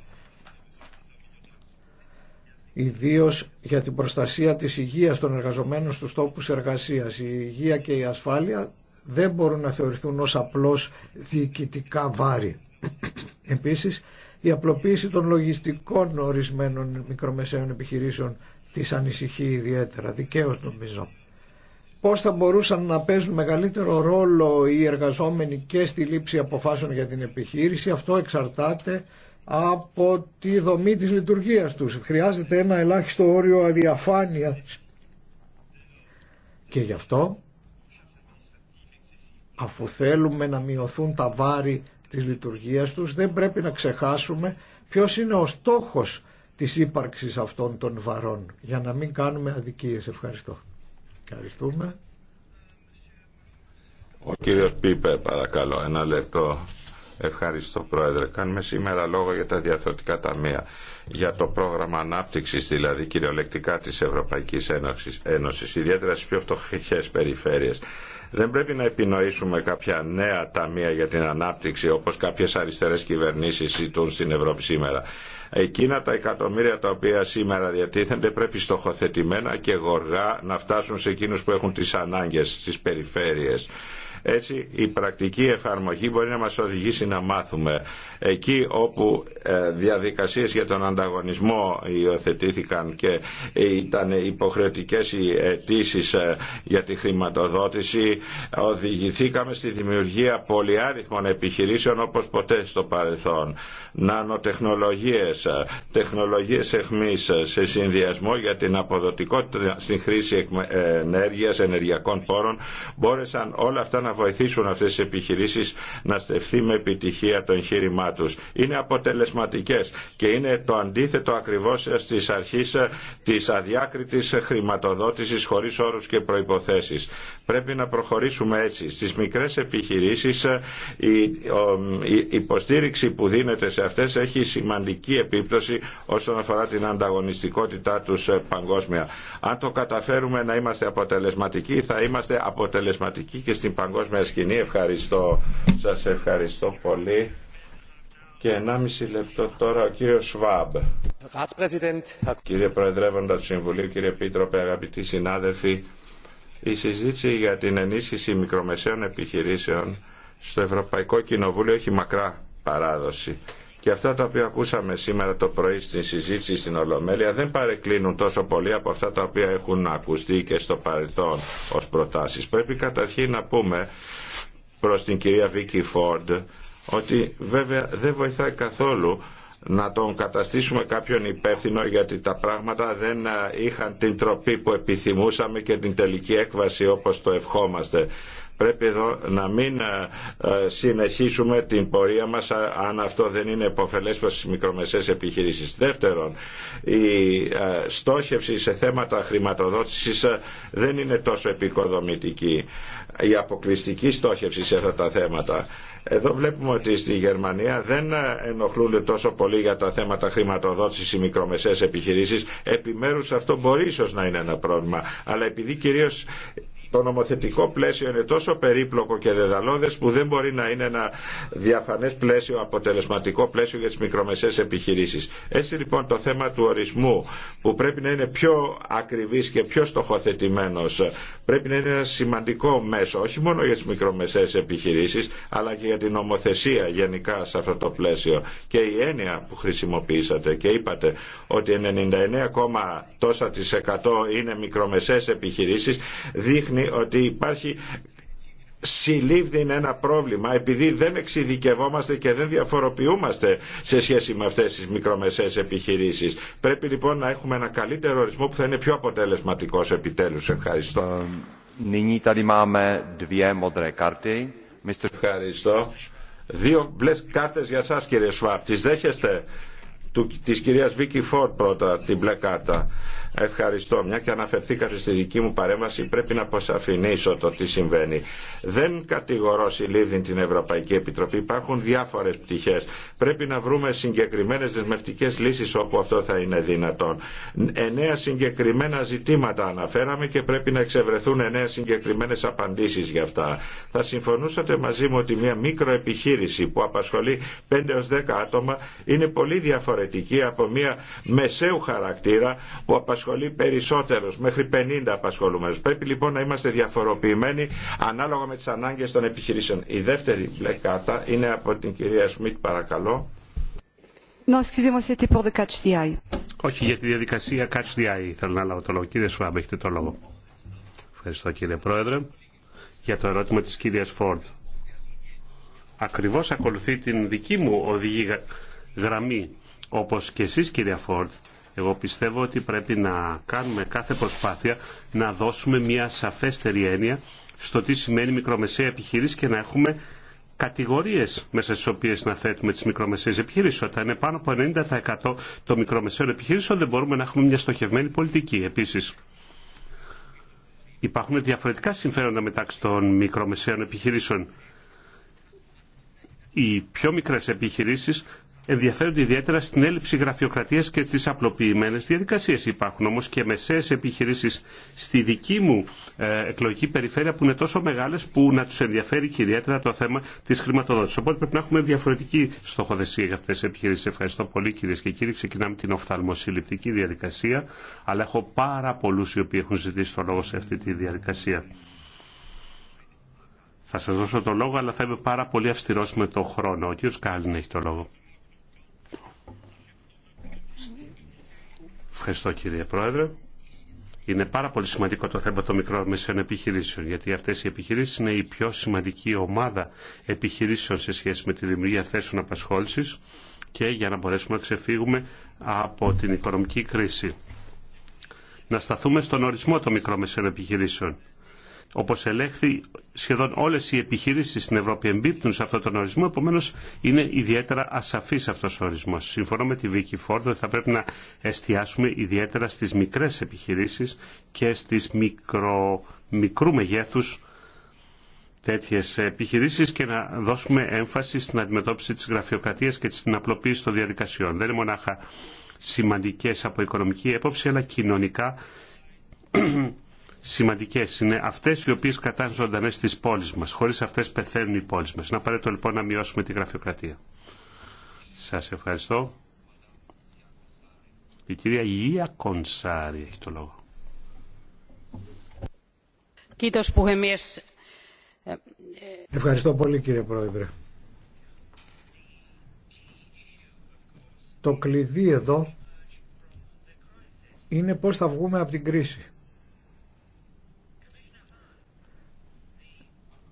Ιδίως για την προστασία της υγείας των εργαζομένων στους τόπους εργασίας. Η υγεία και η ασφάλεια δεν μπορούν να θεωρηθούν ως απλώς διοικητικά βάρη. Επίσης, η απλοποίηση των λογιστικών ορισμένων μικρομεσαίων επιχειρήσεων τις ανησυχεί ιδιαίτερα, δικαίως νομίζω. Πώς θα μπορούσαν να παίζουν μεγαλύτερο ρόλο οι εργαζόμενοι και στη λήψη αποφάσεων για την επιχείρηση, αυτό εξαρτάται από τη δομή της λειτουργίας τους. Χρειάζεται ένα ελάχιστο όριο αδιαφάνειας. Και γι' αυτό αφού θέλουμε να μειωθούν τα βάρη της λειτουργίας τους δεν πρέπει να ξεχάσουμε ποιος είναι ο στόχος της ύπαρξης αυτών των βαρών για να μην κάνουμε αδικίες. Ευχαριστώ. Ευχαριστούμε. Ο κύριος Πίπερ παρακαλώ ένα λεπτό. Ευχαριστώ Πρόεδρε. Κάνουμε σήμερα λόγο για τα τα ταμεία για το πρόγραμμα ανάπτυξη, δηλαδή κυριολεκτικά τη Ευρωπαϊκή Ένωση, ιδιαίτερα στι πιο φτωχέ περιφέρειες. Δεν πρέπει να επινοήσουμε κάποια νέα ταμεία για την ανάπτυξη όπως κάποιες αριστερές κυβερνήσεις ζητούν στην Ευρώπη σήμερα. Εκείνα τα εκατομμύρια τα οποία σήμερα διατίθενται πρέπει στοχοθετημένα και γοργά να φτάσουν σε εκείνους που έχουν τις ανάγκες στις περιφέρειες έτσι η πρακτική εφαρμογή μπορεί να μας οδηγήσει να μάθουμε. Εκεί όπου ε, διαδικασίες για τον ανταγωνισμό υιοθετήθηκαν και ήταν υποχρεωτικές οι αιτήσει ε, για τη χρηματοδότηση, οδηγηθήκαμε στη δημιουργία πολυάριθμων επιχειρήσεων όπως ποτέ στο παρελθόν. Νανοτεχνολογίες, ε, τεχνολογίες εχμής σε συνδυασμό για την αποδοτικότητα στην χρήση ενέργειας, ενεργειακών πόρων, μπόρεσαν όλα αυτά βοηθήσουν αυτές τις επιχειρήσεις να στεφθεί με επιτυχία το εγχείρημά τους. Είναι αποτελεσματικές και είναι το αντίθετο ακριβώς στις αρχής της αδιάκριτης χρηματοδότησης χωρίς όρους και προϋποθέσεις. Πρέπει να προχωρήσουμε έτσι. Στις μικρές επιχειρήσεις η υποστήριξη που δίνεται σε αυτές έχει σημαντική επίπτωση όσον αφορά την ανταγωνιστικότητά τους παγκόσμια. Αν το καταφέρουμε να είμαστε αποτελεσματικοί θα είμαστε αποτελεσματικοί και στην παγκόσμια με σκηνή. Ευχαριστώ. Σας ευχαριστώ πολύ. Και 1,5 λεπτό τώρα ο κύριος Σβάμπ. Κύριε Προεδρεύοντα του Συμβουλίου, κύριε Πίτροπε, αγαπητοί συνάδελφοι, η συζήτηση για την ενίσχυση μικρομεσαίων επιχειρήσεων στο Ευρωπαϊκό Κοινοβούλιο έχει μακρά παράδοση και αυτά τα οποία ακούσαμε σήμερα το πρωί στην συζήτηση στην Ολομέλεια δεν παρεκκλίνουν τόσο πολύ από αυτά τα οποία έχουν ακουστεί και στο παρελθόν ως προτάσεις. Πρέπει καταρχήν να πούμε προς την κυρία Βίκη Φόρντ ότι βέβαια δεν βοηθάει καθόλου να τον καταστήσουμε κάποιον υπεύθυνο γιατί τα πράγματα δεν ε, είχαν την τροπή που επιθυμούσαμε και την τελική έκβαση όπως το ευχόμαστε πρέπει εδώ να μην ε, ε, συνεχίσουμε την πορεία μας ε, αν αυτό δεν είναι επωφελές προς τις μικρομεσαίες επιχειρήσεις. Δεύτερον, η στόχευση σε θέματα χρηματοδότησης δεν είναι τόσο επικοδομητική. Η αποκλειστική στόχευση σε αυτά τα θέματα. Εδώ βλέπουμε ότι στη Γερμανία δεν ενοχλούνται τόσο πολύ για τα θέματα χρηματοδότησης οι μικρομεσαίες επιχειρήσεις. Επιμέρους αυτό μπορεί ίσως να είναι ένα πρόβλημα. Αλλά επειδή κυρίως το νομοθετικό πλαίσιο είναι τόσο περίπλοκο και δεδαλώδε που δεν μπορεί να είναι ένα διαφανέ πλαίσιο, αποτελεσματικό πλαίσιο για τι μικρομεσαίες επιχειρήσει. Έτσι λοιπόν το θέμα του ορισμού που πρέπει να είναι πιο ακριβή και πιο στοχοθετημένο, πρέπει να είναι ένα σημαντικό μέσο όχι μόνο για τι μικρομεσαίες επιχειρήσει, αλλά και για την νομοθεσία γενικά σε αυτό το πλαίσιο. Και η έννοια που χρησιμοποιήσατε και είπατε ότι 99, τόσα τη είναι μικρομεσαίε επιχειρήσει, δείχνει δείχνει ότι υπάρχει συλλήβδη είναι ένα πρόβλημα επειδή δεν εξειδικευόμαστε και δεν διαφοροποιούμαστε σε σχέση με αυτές τις μικρομεσαίες επιχειρήσεις. Πρέπει λοιπόν να έχουμε ένα καλύτερο ορισμό που θα είναι πιο αποτελεσματικός επιτέλους. Ευχαριστώ. Ε, Ευχαριστώ. Δύο μπλε κάρτες για σας κύριε Σουάπ. Τις δέχεστε της κυρίας Βίκη Φόρτ πρώτα την μπλε κάρτα. Ευχαριστώ. Μια και αναφερθήκατε στη δική μου παρέμβαση, πρέπει να αποσαφηνίσω το τι συμβαίνει. Δεν κατηγορώ συλλήβδη την Ευρωπαϊκή Επιτροπή. Υπάρχουν διάφορε πτυχέ. Πρέπει να βρούμε συγκεκριμένε δεσμευτικέ λύσει όπου αυτό θα είναι δυνατόν. Εννέα συγκεκριμένα ζητήματα αναφέραμε και πρέπει να εξευρεθούν εννέα συγκεκριμένε απαντήσει για αυτά. Θα συμφωνούσατε μαζί μου ότι μια μικροεπιχείρηση που απασχολεί 5 έως 10 άτομα είναι πολύ διαφορετική από μια μεσαίου χαρακτήρα που απασχολεί απασχολεί περισσότερο, μέχρι 50 απασχολούμενους. Πρέπει λοιπόν να είμαστε διαφοροποιημένοι ανάλογα με τις ανάγκες των επιχειρήσεων. Η δεύτερη μπλε κάρτα είναι από την κυρία Σμιτ, παρακαλώ. Non, excusez-moi, c'était pour le catch the eye. Όχι, για τη διαδικασία catch the eye θέλω να λάβω το λόγο. Κύριε Σουάμπ, έχετε το λόγο. Ευχαριστώ κύριε Πρόεδρε. Για το ερώτημα της κυρίας Φόρντ. Ακριβώς ακολουθεί την δική μου οδηγή γραμμή όπως και εσείς κυρία Φόρντ εγώ πιστεύω ότι πρέπει να κάνουμε κάθε προσπάθεια να δώσουμε μια σαφέστερη έννοια στο τι σημαίνει μικρομεσαία επιχείρηση και να έχουμε κατηγορίε μέσα στι οποίε να θέτουμε τι μικρομεσαίε επιχειρήσει. Όταν είναι πάνω από 90% των μικρομεσαίων επιχειρήσεων, δεν μπορούμε να έχουμε μια στοχευμένη πολιτική. Επίση, υπάρχουν διαφορετικά συμφέροντα μεταξύ των μικρομεσαίων επιχειρήσεων. Οι πιο μικρέ επιχειρήσει ενδιαφέρονται ιδιαίτερα στην έλλειψη γραφειοκρατία και στι απλοποιημένε διαδικασίε. Υπάρχουν όμω και μεσαίε επιχειρήσει στη δική μου ε, εκλογική περιφέρεια που είναι τόσο μεγάλε που να του ενδιαφέρει και ιδιαίτερα το θέμα τη χρηματοδότηση. Οπότε πρέπει να έχουμε διαφορετική στοχοδεσία για αυτέ τι επιχειρήσει. Ευχαριστώ πολύ κύριε και κύριοι. Ξεκινάμε την οφθαλμοσυλληπτική διαδικασία, αλλά έχω πάρα πολλού οι οποίοι έχουν ζητήσει το λόγο σε αυτή τη διαδικασία. Θα σας δώσω το λόγο, αλλά θα είμαι πάρα πολύ αυστηρός με το χρόνο. Ο κ. Κάλλιν έχει το λόγο. Ευχαριστώ κύριε Πρόεδρε. Είναι πάρα πολύ σημαντικό το θέμα των μικρών μεσαίων επιχειρήσεων, γιατί αυτέ οι επιχειρήσει είναι η πιο σημαντική ομάδα επιχειρήσεων σε σχέση με τη δημιουργία θέσεων απασχόληση και για να μπορέσουμε να ξεφύγουμε από την οικονομική κρίση. Να σταθούμε στον ορισμό των μικρών μεσαίων επιχειρήσεων. Όπως ελέγχθη, σχεδόν όλες οι επιχειρήσεις στην Ευρώπη εμπίπτουν σε αυτόν τον ορισμό, επομένως είναι ιδιαίτερα ασαφής αυτός ο ορισμός. Συμφωνώ με τη Βίκη Φόρντο ότι θα πρέπει να εστιάσουμε ιδιαίτερα στις μικρές επιχειρήσεις και στις μικρο, μικρού μεγέθους τέτοιε επιχειρήσει και να δώσουμε έμφαση στην αντιμετώπιση τη γραφειοκρατία και στην απλοποίηση των διαδικασιών. Δεν είναι μονάχα σημαντικέ από οικονομική έποψη, αλλά κοινωνικά Σημαντικέ Είναι αυτές οι οποίες κρατάνε ζωντανέ στις πόλεις μας. Χωρίς αυτές πεθαίνουν οι πόλεις μας. Να απαραίτητο λοιπόν να μειώσουμε τη γραφειοκρατία. Σας ευχαριστώ. Η κυρία Γία Κονσάρη έχει το λόγο. Ευχαριστώ πολύ κύριε Πρόεδρε. Το κλειδί εδώ είναι πώς θα βγούμε από την κρίση.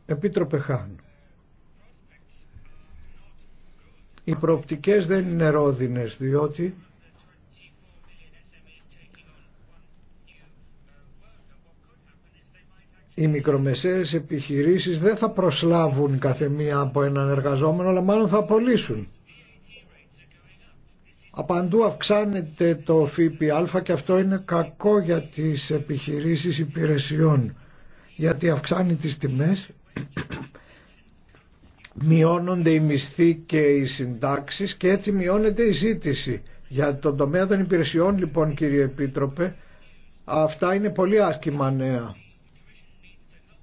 Επίτροπε Χάν. Οι προοπτικές δεν είναι ρόδινες διότι οι μικρομεσαίες επιχειρήσεις δεν θα προσλάβουν κάθε μία από έναν εργαζόμενο αλλά μάλλον θα απολύσουν. Απαντού αυξάνεται το ΦΠΑ και αυτό είναι κακό για τις επιχειρήσεις υπηρεσιών γιατί αυξάνει τις τιμές μειώνονται οι μισθοί και οι συντάξεις και έτσι μειώνεται η ζήτηση. Για τον τομέα των υπηρεσιών λοιπόν κύριε Επίτροπε αυτά είναι πολύ άσκημα νέα.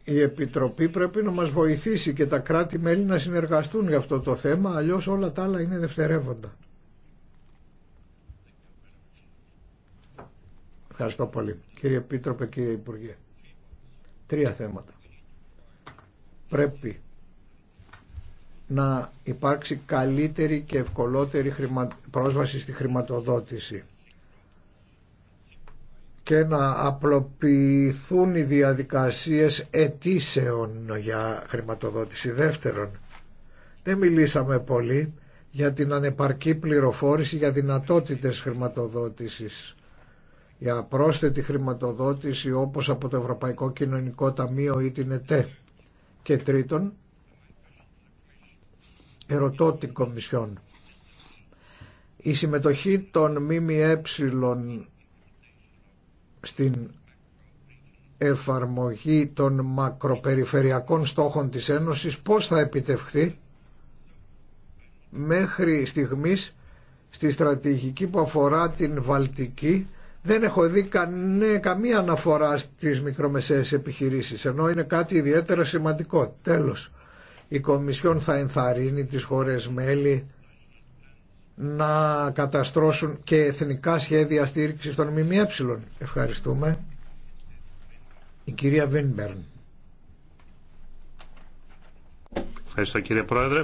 Η Επιτροπή πρέπει να μας βοηθήσει και τα κράτη-μέλη να συνεργαστούν για αυτό το θέμα, αλλιώς όλα τα άλλα είναι δευτερεύοντα. Ευχαριστώ πολύ. Κύριε Επίτροπε, κύριε Υπουργέ. Τρία θέματα πρέπει να υπάρξει καλύτερη και ευκολότερη πρόσβαση στη χρηματοδότηση και να απλοποιηθούν οι διαδικασίες αιτήσεων για χρηματοδότηση. Δεύτερον, δεν μιλήσαμε πολύ για την ανεπαρκή πληροφόρηση για δυνατότητες χρηματοδότησης για πρόσθετη χρηματοδότηση όπως από το Ευρωπαϊκό Κοινωνικό Ταμείο ή την ΕΤΕ. Και τρίτον, ερωτώ την Κομισιόν. Η συμμετοχή των ΜΜΕ στην εφαρμογή των μακροπεριφερειακών στόχων της Ένωσης πώς θα επιτευχθεί μέχρι στιγμής στη στρατηγική που αφορά την Βαλτική δεν έχω δει κανέ, ναι, καμία αναφορά στις μικρομεσαίες επιχειρήσεις, ενώ είναι κάτι ιδιαίτερα σημαντικό. Τέλος, η Κομισιόν θα ενθαρρύνει τις χώρες μέλη να καταστρώσουν και εθνικά σχέδια στήριξης των ΜΜΕ. Ευχαριστούμε. Η κυρία Βίνμπερν. Ευχαριστώ κύριε Πρόεδρε.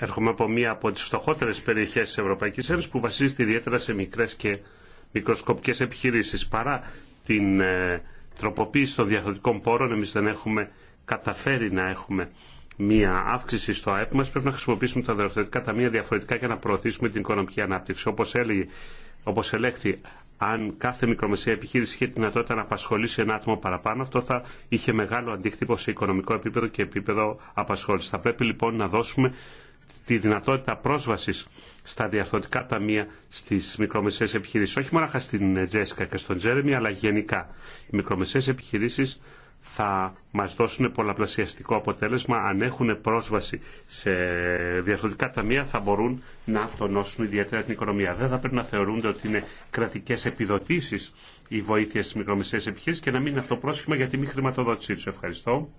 Έρχομαι από μία από τις φτωχότερες περιοχές της Ευρωπαϊκής Ένωσης που βασίζεται ιδιαίτερα σε μικρές και μικροσκοπικές επιχειρήσεις. Παρά την ε, τροποποίηση των διαχρονικών πόρων, εμείς δεν έχουμε καταφέρει να έχουμε μία αύξηση στο ΑΕΠ μας, πρέπει να χρησιμοποιήσουμε τα τα ταμεία διαφορετικά για να προωθήσουμε την οικονομική ανάπτυξη. Όπως έλεγε, όπως ελέγχθη, αν κάθε μικρομεσαία επιχείρηση είχε τη δυνατότητα να απασχολήσει ένα άτομο παραπάνω, αυτό θα είχε μεγάλο αντίκτυπο σε οικονομικό επίπεδο και επίπεδο απασχόληση. Θα πρέπει λοιπόν να δώσουμε τη δυνατότητα πρόσβαση στα διαρθρωτικά ταμεία στι μικρομεσαίε επιχειρήσει. Όχι μόνο στην Τζέσικα και στον Τζέρεμι, αλλά γενικά. Οι μικρομεσαίε επιχειρήσει θα μα δώσουν πολλαπλασιαστικό αποτέλεσμα. Αν έχουν πρόσβαση σε διαρθρωτικά ταμεία θα μπορούν να τονώσουν ιδιαίτερα την οικονομία. Δεν θα πρέπει να θεωρούνται ότι είναι κρατικέ επιδοτήσει οι βοήθειε στις μικρομεσαίε επιχειρήσεις και να μην είναι αυτό πρόσχημα για τη μη χρηματοδότησή του. Ευχαριστώ.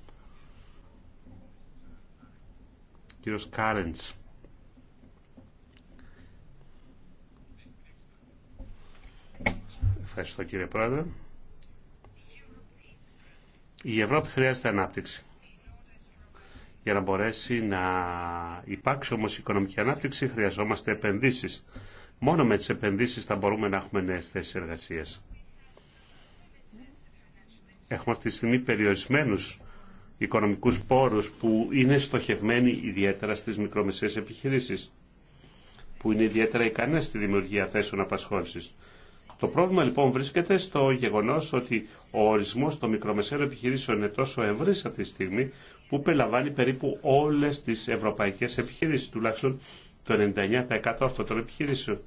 κύριος Κάρεντς. Ευχαριστώ κύριε Πρόεδρε. Η Ευρώπη χρειάζεται ανάπτυξη. Για να μπορέσει να υπάρξει όμως οικονομική ανάπτυξη χρειαζόμαστε επενδύσεις. Μόνο με τις επενδύσεις θα μπορούμε να έχουμε νέες θέσεις εργασίας. Έχουμε αυτή τη στιγμή περιορισμένους οικονομικούς πόρους που είναι στοχευμένοι ιδιαίτερα στις μικρομεσαίες επιχειρήσεις, που είναι ιδιαίτερα ικανές στη δημιουργία θέσεων απασχόλησης. Το πρόβλημα λοιπόν βρίσκεται στο γεγονός ότι ο ορισμός των μικρομεσαίων επιχειρήσεων είναι τόσο ευρύς αυτή τη στιγμή που περιλαμβάνει περίπου όλες τις ευρωπαϊκές επιχειρήσεις, τουλάχιστον το 99% αυτών των επιχειρήσεων.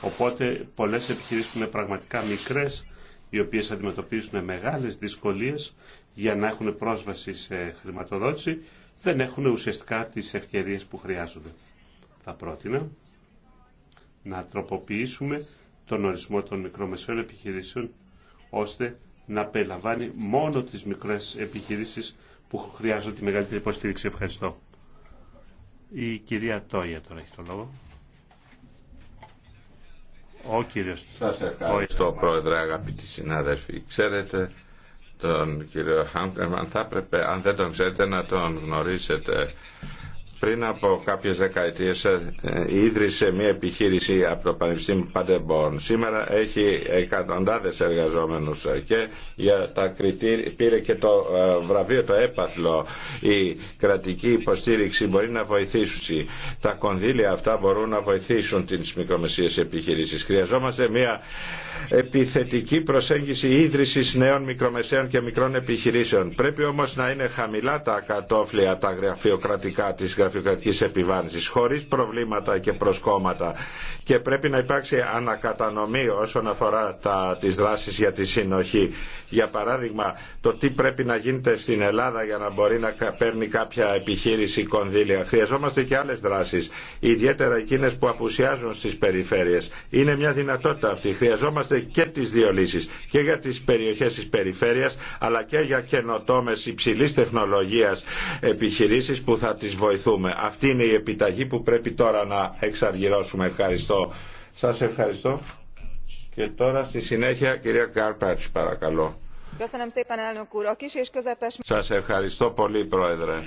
Οπότε πολλές επιχειρήσεις που είναι πραγματικά μικρές, οι οποίες αντιμετωπίζουν μεγάλες δυσκολίες, για να έχουν πρόσβαση σε χρηματοδότηση δεν έχουν ουσιαστικά τις ευκαιρίες που χρειάζονται. Θα πρότεινα να τροποποιήσουμε τον ορισμό των μικρομεσαίων επιχειρήσεων ώστε να περιλαμβάνει μόνο τις μικρές επιχειρήσεις που χρειάζονται τη μεγαλύτερη υποστήριξη. Ευχαριστώ. Η κυρία Τόια τώρα έχει το λόγο. Ο κύριος Σας ευχαριστώ πρόεδρε αγαπητοί συνάδελφοι. Ξέρετε τον κύριο Χάμπτερμαν θα έπρεπε αν δεν τον ξέρετε να τον γνωρίσετε πριν από κάποιες δεκαετίες ε, ε, ίδρυσε μια επιχείρηση από το Πανεπιστήμιο Παντεμπορν. Σήμερα έχει εκατοντάδες εργαζόμενους ε, και για τα πήρε και το βραβείο το έπαθλο. Η κρατική υποστήριξη μπορεί να βοηθήσει. Τα κονδύλια αυτά μπορούν να βοηθήσουν τις μικρομεσίες επιχειρήσεις. Χρειαζόμαστε μια επιθετική προσέγγιση ίδρυσης νέων μικρομεσαίων και μικρών επιχειρήσεων. Πρέπει όμως να είναι χαμηλά τα κατόφλια, τα γραφειοκρατικά της γραφειοκρατικής επιβάρυνσης χωρίς προβλήματα και προσκόμματα και πρέπει να υπάρξει ανακατανομή όσον αφορά τι δράσει για τη συνοχή. Για παράδειγμα, το τι πρέπει να γίνεται στην Ελλάδα για να μπορεί να παίρνει κάποια επιχείρηση κονδύλια. Χρειαζόμαστε και άλλε δράσει, ιδιαίτερα εκείνε που απουσιάζουν στι περιφέρειες. Είναι μια δυνατότητα αυτή. Χρειαζόμαστε και τι δύο λύσεις, και για τι περιοχέ τη περιφέρεια, αλλά και για καινοτόμε υψηλή τεχνολογία επιχειρήσει που θα τι βοηθούν αυτή είναι η επιταγή που πρέπει τώρα να εξαργυρώσουμε. Ευχαριστώ. Σας ευχαριστώ. Και τώρα στη συνέχεια κυρία Κάρπατς παρακαλώ. Σας ευχαριστώ πολύ Πρόεδρε.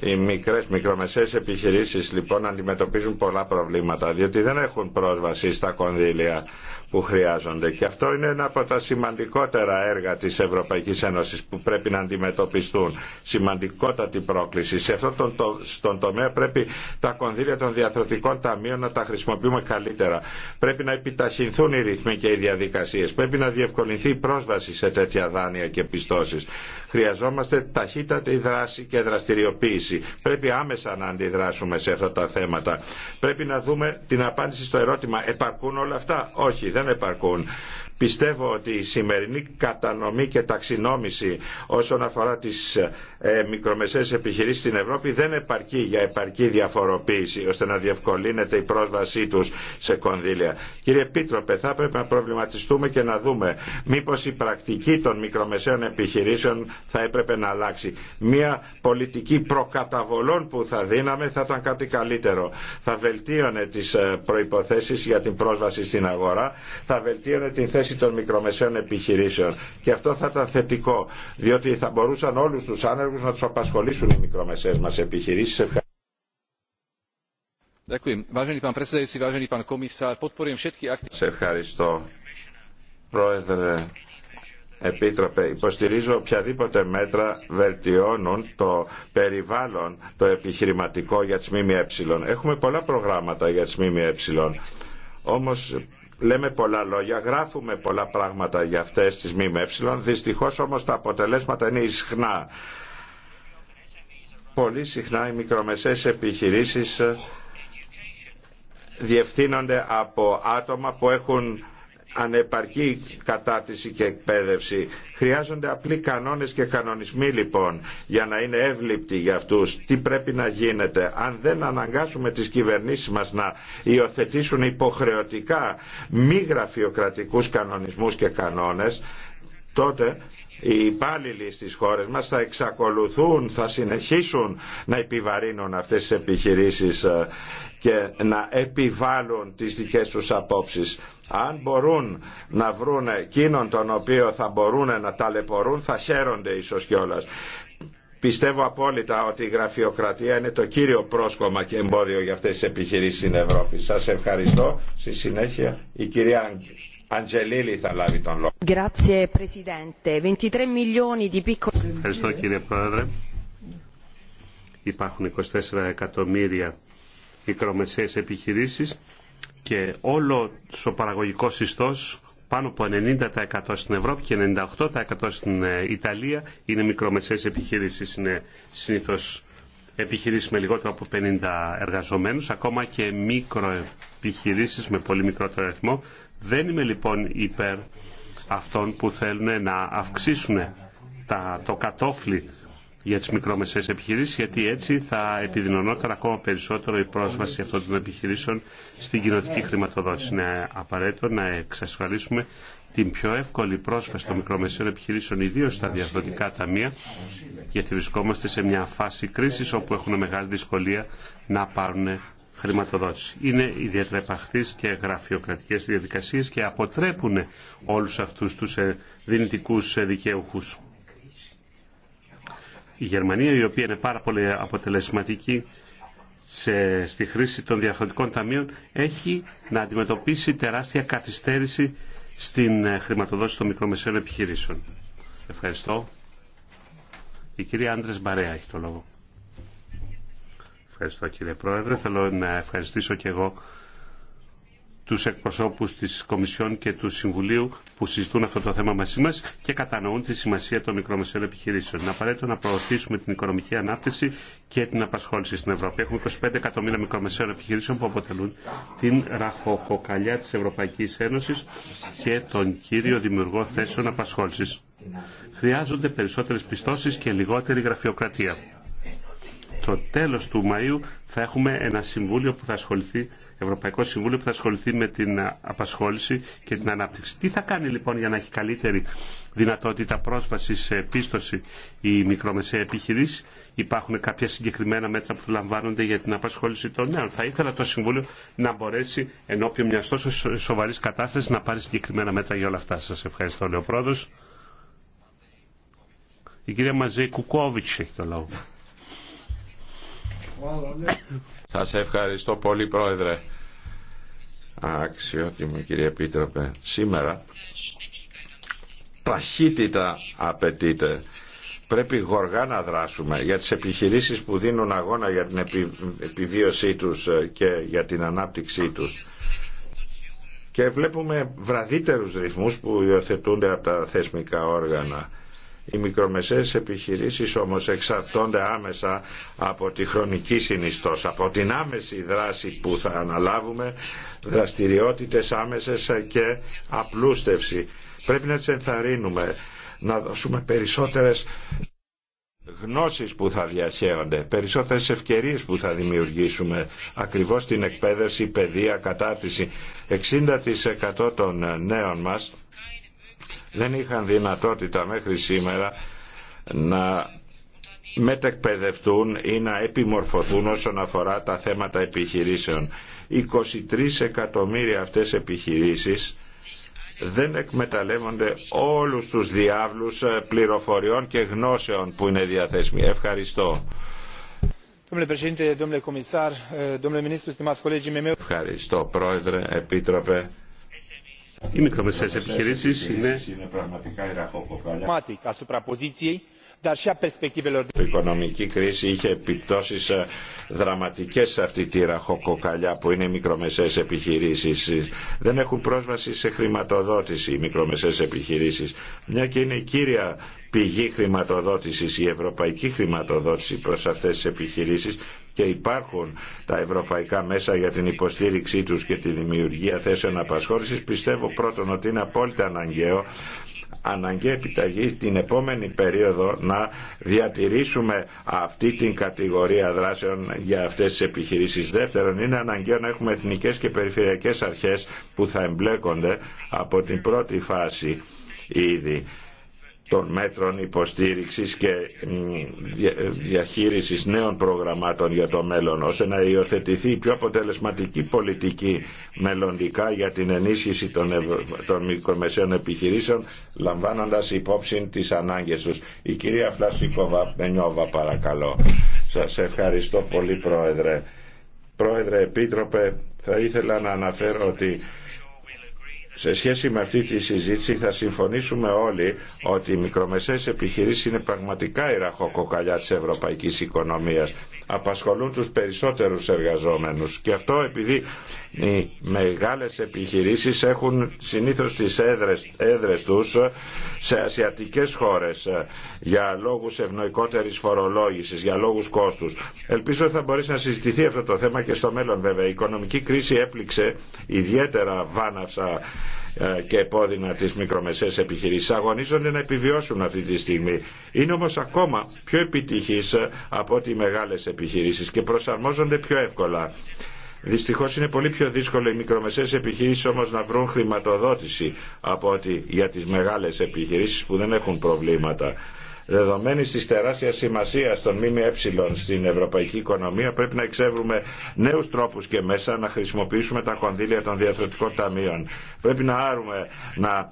Οι μικρές, μικρομεσαίες επιχειρήσεις λοιπόν αντιμετωπίζουν πολλά προβλήματα διότι δεν έχουν πρόσβαση στα κονδύλια που χρειάζονται. Και αυτό είναι ένα από τα σημαντικότερα έργα της Ευρωπαϊκής Ένωσης που πρέπει να αντιμετωπιστούν. Σημαντικότατη πρόκληση. Σε αυτόν τον το, τομέα πρέπει τα κονδύλια των διαθροτικών ταμείων να τα χρησιμοποιούμε καλύτερα. Πρέπει να επιταχυνθούν οι ρυθμοί και οι διαδικασίες. Πρέπει να διευκολυνθεί η πρόσβαση σε τέτοια δάνεια και πιστώσεις. Χρειαζόμαστε ταχύτατη δράση και δραστηριοποίηση. Πρέπει άμεσα να αντιδράσουμε σε αυτά τα θέματα. Πρέπει να δούμε την απάντηση στο ερώτημα επαρκούν όλα αυτά. Όχι, δεν επαρκούν. Πιστεύω ότι η σημερινή κατανομή και ταξινόμηση όσον αφορά τις ε, μικρομεσαίες επιχειρήσεις στην Ευρώπη δεν επαρκεί για επαρκή διαφοροποίηση ώστε να διευκολύνεται η πρόσβασή τους σε κονδύλια. Κύριε Πίτροπε, θα πρέπει να προβληματιστούμε και να δούμε μήπως η πρακτική των μικρομεσαίων επιχειρήσεων θα έπρεπε να αλλάξει. Μία πολιτική προκαταβολών που θα δίναμε θα ήταν κάτι καλύτερο. Θα βελτίωνε τις ε, προϋποθέσεις για την πρόσβαση στην αγορά, θα βελτίωνε την θέση των μικρομεσαίων επιχειρήσεων. Και αυτό θα ήταν θετικό, διότι θα μπορούσαν όλους τους άνεργους να τους απασχολήσουν οι μικρομεσαίες μας επιχειρήσεις. Σε ευχαριστώ. Πρόεδρε, Επίτροπε, υποστηρίζω οποιαδήποτε μέτρα βελτιώνουν το περιβάλλον, το επιχειρηματικό για τις ΜΜΕ. Έχουμε πολλά προγράμματα για τις ΜΜΕ. Όμως λέμε πολλά λόγια, γράφουμε πολλά πράγματα για αυτές τις ΜΜΕ, δυστυχώς όμως τα αποτελέσματα είναι ισχνά. Πολύ συχνά οι μικρομεσαίες επιχειρήσεις διευθύνονται από άτομα που έχουν ανεπαρκή κατάρτιση και εκπαίδευση. Χρειάζονται απλοί κανόνες και κανονισμοί λοιπόν για να είναι εύληπτοι για αυτούς. Τι πρέπει να γίνεται. Αν δεν αναγκάσουμε τις κυβερνήσεις μας να υιοθετήσουν υποχρεωτικά μη γραφειοκρατικούς κανονισμούς και κανόνες, τότε οι υπάλληλοι στις χώρες μας θα εξακολουθούν, θα συνεχίσουν να επιβαρύνουν αυτές τις επιχειρήσεις ε, και να επιβάλλουν τις δικές τους απόψεις. Αν μπορούν να βρουν εκείνον τον οποίο θα μπορούν να ταλαιπωρούν θα χαίρονται ίσως κιόλα. Πιστεύω απόλυτα ότι η γραφειοκρατία είναι το κύριο πρόσκομα και εμπόδιο για αυτές τις επιχειρήσεις στην Ευρώπη. Σας ευχαριστώ. Στη συνέχεια η κυρία Άγγελ. Αντζελίλη θα λάβει τον λόγο. Ευχαριστώ κύριε Πρόεδρε. Υπάρχουν 24 εκατομμύρια μικρομεσαίες επιχειρήσεις και όλο ο παραγωγικό ιστό πάνω από 90% στην Ευρώπη και 98% στην ε, Ιταλία είναι μικρομεσαίες επιχειρήσεις, είναι συνήθως επιχειρήσεις με λιγότερο από 50 εργαζομένους, ακόμα και μικροεπιχειρήσεις με πολύ μικρότερο αριθμό. Δεν είμαι λοιπόν υπέρ αυτών που θέλουν να αυξήσουν τα, το κατόφλι για τις μικρομεσαίες επιχειρήσεις γιατί έτσι θα επιδεινωνόταν ακόμα περισσότερο η πρόσβαση αυτών των επιχειρήσεων στην κοινωτική χρηματοδότηση. Είναι απαραίτητο να εξασφαλίσουμε την πιο εύκολη πρόσβαση των μικρομεσαίων επιχειρήσεων, ιδίω στα διαδοτικά ταμεία, γιατί βρισκόμαστε σε μια φάση κρίσης όπου έχουν μεγάλη δυσκολία να πάρουν χρηματοδότηση. Είναι ιδιαίτερα επαχθεί και γραφειοκρατικές διαδικασίε και αποτρέπουν όλου αυτού του ε, δυνητικού ε, δικαιούχους. Η Γερμανία, η οποία είναι πάρα πολύ αποτελεσματική σε, στη χρήση των διαφορετικών ταμείων, έχει να αντιμετωπίσει τεράστια καθυστέρηση στην ε, χρηματοδότηση των μικρομεσαίων επιχειρήσεων. Ευχαριστώ. Η κυρία Άντρες Μπαρέα έχει το λόγο. Ευχαριστώ κύριε Πρόεδρε. Θέλω να ευχαριστήσω και εγώ του εκπροσώπους της Κομισιόν και του Συμβουλίου που συζητούν αυτό το θέμα μαζί μας και κατανοούν τη σημασία των μικρομεσαίων επιχειρήσεων. Είναι απαραίτητο να προωθήσουμε την οικονομική ανάπτυξη και την απασχόληση στην Ευρώπη. Έχουμε 25 εκατομμύρια μικρομεσαίων επιχειρήσεων που αποτελούν την ραχοκοκαλιά της Ευρωπαϊκής Ένωσης και τον κύριο δημιουργό θέσεων απασχόλησης. Χρειάζονται περισσότερες πιστώσεις και λιγότερη γραφειοκρατία. Το τέλος του Μαΐου θα έχουμε ένα συμβούλιο που θα ασχοληθεί Ευρωπαϊκό Συμβούλιο που θα ασχοληθεί με την ε, απασχόληση και την ανάπτυξη. Τι θα κάνει λοιπόν για να έχει καλύτερη δυνατότητα πρόσβαση σε πίστοση η μικρομεσαία επιχειρήση. Υπάρχουν κάποια συγκεκριμένα μέτρα που λαμβάνονται για την απασχόληση των νέων. Θα ήθελα το Συμβούλιο να μπορέσει ενώπιον μια τόσο σοβαρή κατάσταση να πάρει συγκεκριμένα μέτρα για όλα αυτά. Σα ευχαριστώ, Λεοπρόεδρο. Η κυρία Μαζέη Κουκόβιτς έχει το λόγο σε ευχαριστώ πολύ Πρόεδρε. Αξιότιμο κύριε Επίτροπε. Σήμερα ταχύτητα απαιτείται. Πρέπει γοργά να δράσουμε για τις επιχειρήσεις που δίνουν αγώνα για την επιβίωσή τους ε, και για την ανάπτυξή τους. Και βλέπουμε βραδύτερους ρυθμούς που υιοθετούνται από τα θεσμικά όργανα οι μικρομεσαίες επιχειρήσεις όμως εξαρτώνται άμεσα από τη χρονική συνιστός, από την άμεση δράση που θα αναλάβουμε, δραστηριότητες άμεσες και απλούστευση. Πρέπει να τις ενθαρρύνουμε, να δώσουμε περισσότερες γνώσεις που θα διαχέονται, περισσότερες ευκαιρίες που θα δημιουργήσουμε, ακριβώς την εκπαίδευση, παιδεία, κατάρτιση. 60% των νέων μας δεν είχαν δυνατότητα μέχρι σήμερα να μετεκπαιδευτούν ή να επιμορφωθούν όσον αφορά τα θέματα επιχειρήσεων. 23 εκατομμύρια αυτές επιχειρήσεις δεν εκμεταλλεύονται όλους τους διάβλους ε, πληροφοριών και γνώσεων που είναι διαθέσιμοι. Ευχαριστώ. Ε, Ευχαριστώ Πρόεδρε, Επίτροπε. Οι μικρομεσαίες επιχειρήσεις είναι... πραγματικά η ραχοκοκαλιά. Η οικονομική κρίση είχε επιπτώσει ε, δραματικέ σε αυτή τη ραχοκοκαλιά που είναι οι μικρομεσαίες επιχειρήσει. Δεν έχουν πρόσβαση σε χρηματοδότηση οι μικρομεσαίες επιχειρήσει, Μια και είναι η κύρια πηγή χρηματοδότηση, η ευρωπαϊκή χρηματοδότηση προ αυτέ τι επιχειρήσει και υπάρχουν τα ευρωπαϊκά μέσα για την υποστήριξή τους και τη δημιουργία θέσεων απασχόλησης, πιστεύω πρώτον ότι είναι απόλυτα αναγκαίο αναγκαία επιταγή την επόμενη περίοδο να διατηρήσουμε αυτή την κατηγορία δράσεων για αυτές τις επιχειρήσεις. Δεύτερον, είναι αναγκαίο να έχουμε εθνικές και περιφερειακές αρχές που θα εμπλέκονται από την πρώτη φάση ήδη των μέτρων υποστήριξης και διαχείρισης νέων προγραμμάτων για το μέλλον, ώστε να υιοθετηθεί η πιο αποτελεσματική πολιτική μελλοντικά για την ενίσχυση των, μικρομεσαίων επιχειρήσεων, λαμβάνοντας υπόψη τις ανάγκες τους. Η κυρία Φλασίκοβα Μενιώβα, παρακαλώ. Σας ευχαριστώ πολύ, Πρόεδρε. Πρόεδρε, Επίτροπε, θα ήθελα να αναφέρω ότι σε σχέση με αυτή τη συζήτηση θα συμφωνήσουμε όλοι ότι οι μικρομεσαίες επιχειρήσεις είναι πραγματικά η ραχοκοκαλιά της ευρωπαϊκής οικονομίας απασχολούν τους περισσότερους εργαζόμενους και αυτό επειδή οι μεγάλες επιχειρήσεις έχουν συνήθως τις έδρες, έδρες τους σε ασιατικές χώρες ε, για λόγους ευνοϊκότερης φορολόγησης, για λόγους κόστους. Ελπίζω ότι θα μπορέσει να συζητηθεί αυτό το θέμα και στο μέλλον βέβαια. Η οικονομική κρίση έπληξε ιδιαίτερα βάναυσα ε, και επώδυνα τι μικρομεσαίε επιχειρήσει, Αγωνίζονται να επιβιώσουν αυτή τη στιγμή. Είναι όμω ακόμα πιο επιτυχής ε, από ότι οι μεγάλε επιχειρήσει και προσαρμόζονται πιο εύκολα. Δυστυχώ είναι πολύ πιο δύσκολο οι μικρομεσαίε επιχειρήσει όμω να βρουν χρηματοδότηση από ότι για τι μεγάλε επιχειρήσει που δεν έχουν προβλήματα. Δεδομένη τη τεράστια σημασία των ΜΜΕ στην ευρωπαϊκή οικονομία πρέπει να εξεύρουμε νέου τρόπου και μέσα να χρησιμοποιήσουμε τα κονδύλια των διαθροτικών ταμείων. Πρέπει να άρουμε, να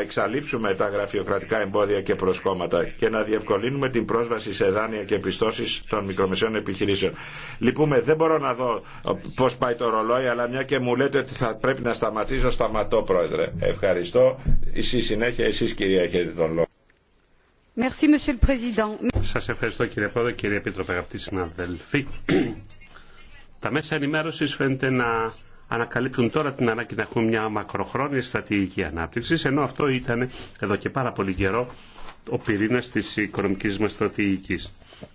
εξαλείψουμε τα γραφειοκρατικά εμπόδια και προσκόμματα και να διευκολύνουμε την πρόσβαση σε δάνεια και πιστώσει των μικρομεσαίων επιχειρήσεων. Λυπούμε, δεν μπορώ να δω πώ πάει το ρολόι, αλλά μια και μου λέτε ότι θα πρέπει να σταματήσω, σταματώ πρόεδρε. Ευχαριστώ. Εσύ συνέχεια, εσεί κυρία έχετε τον λόγο. Σας ευχαριστώ κύριε Πρόεδρε, κύριε Επίτροπε, αγαπητοί συναδελφοί. Τα μέσα ενημέρωσης φαίνεται να ανακαλύπτουν τώρα την ανάγκη να έχουν μια μακροχρόνια στρατηγική ανάπτυξη, ενώ αυτό ήταν εδώ και πάρα πολύ καιρό ο πυρήνα τη οικονομική μα στρατηγική.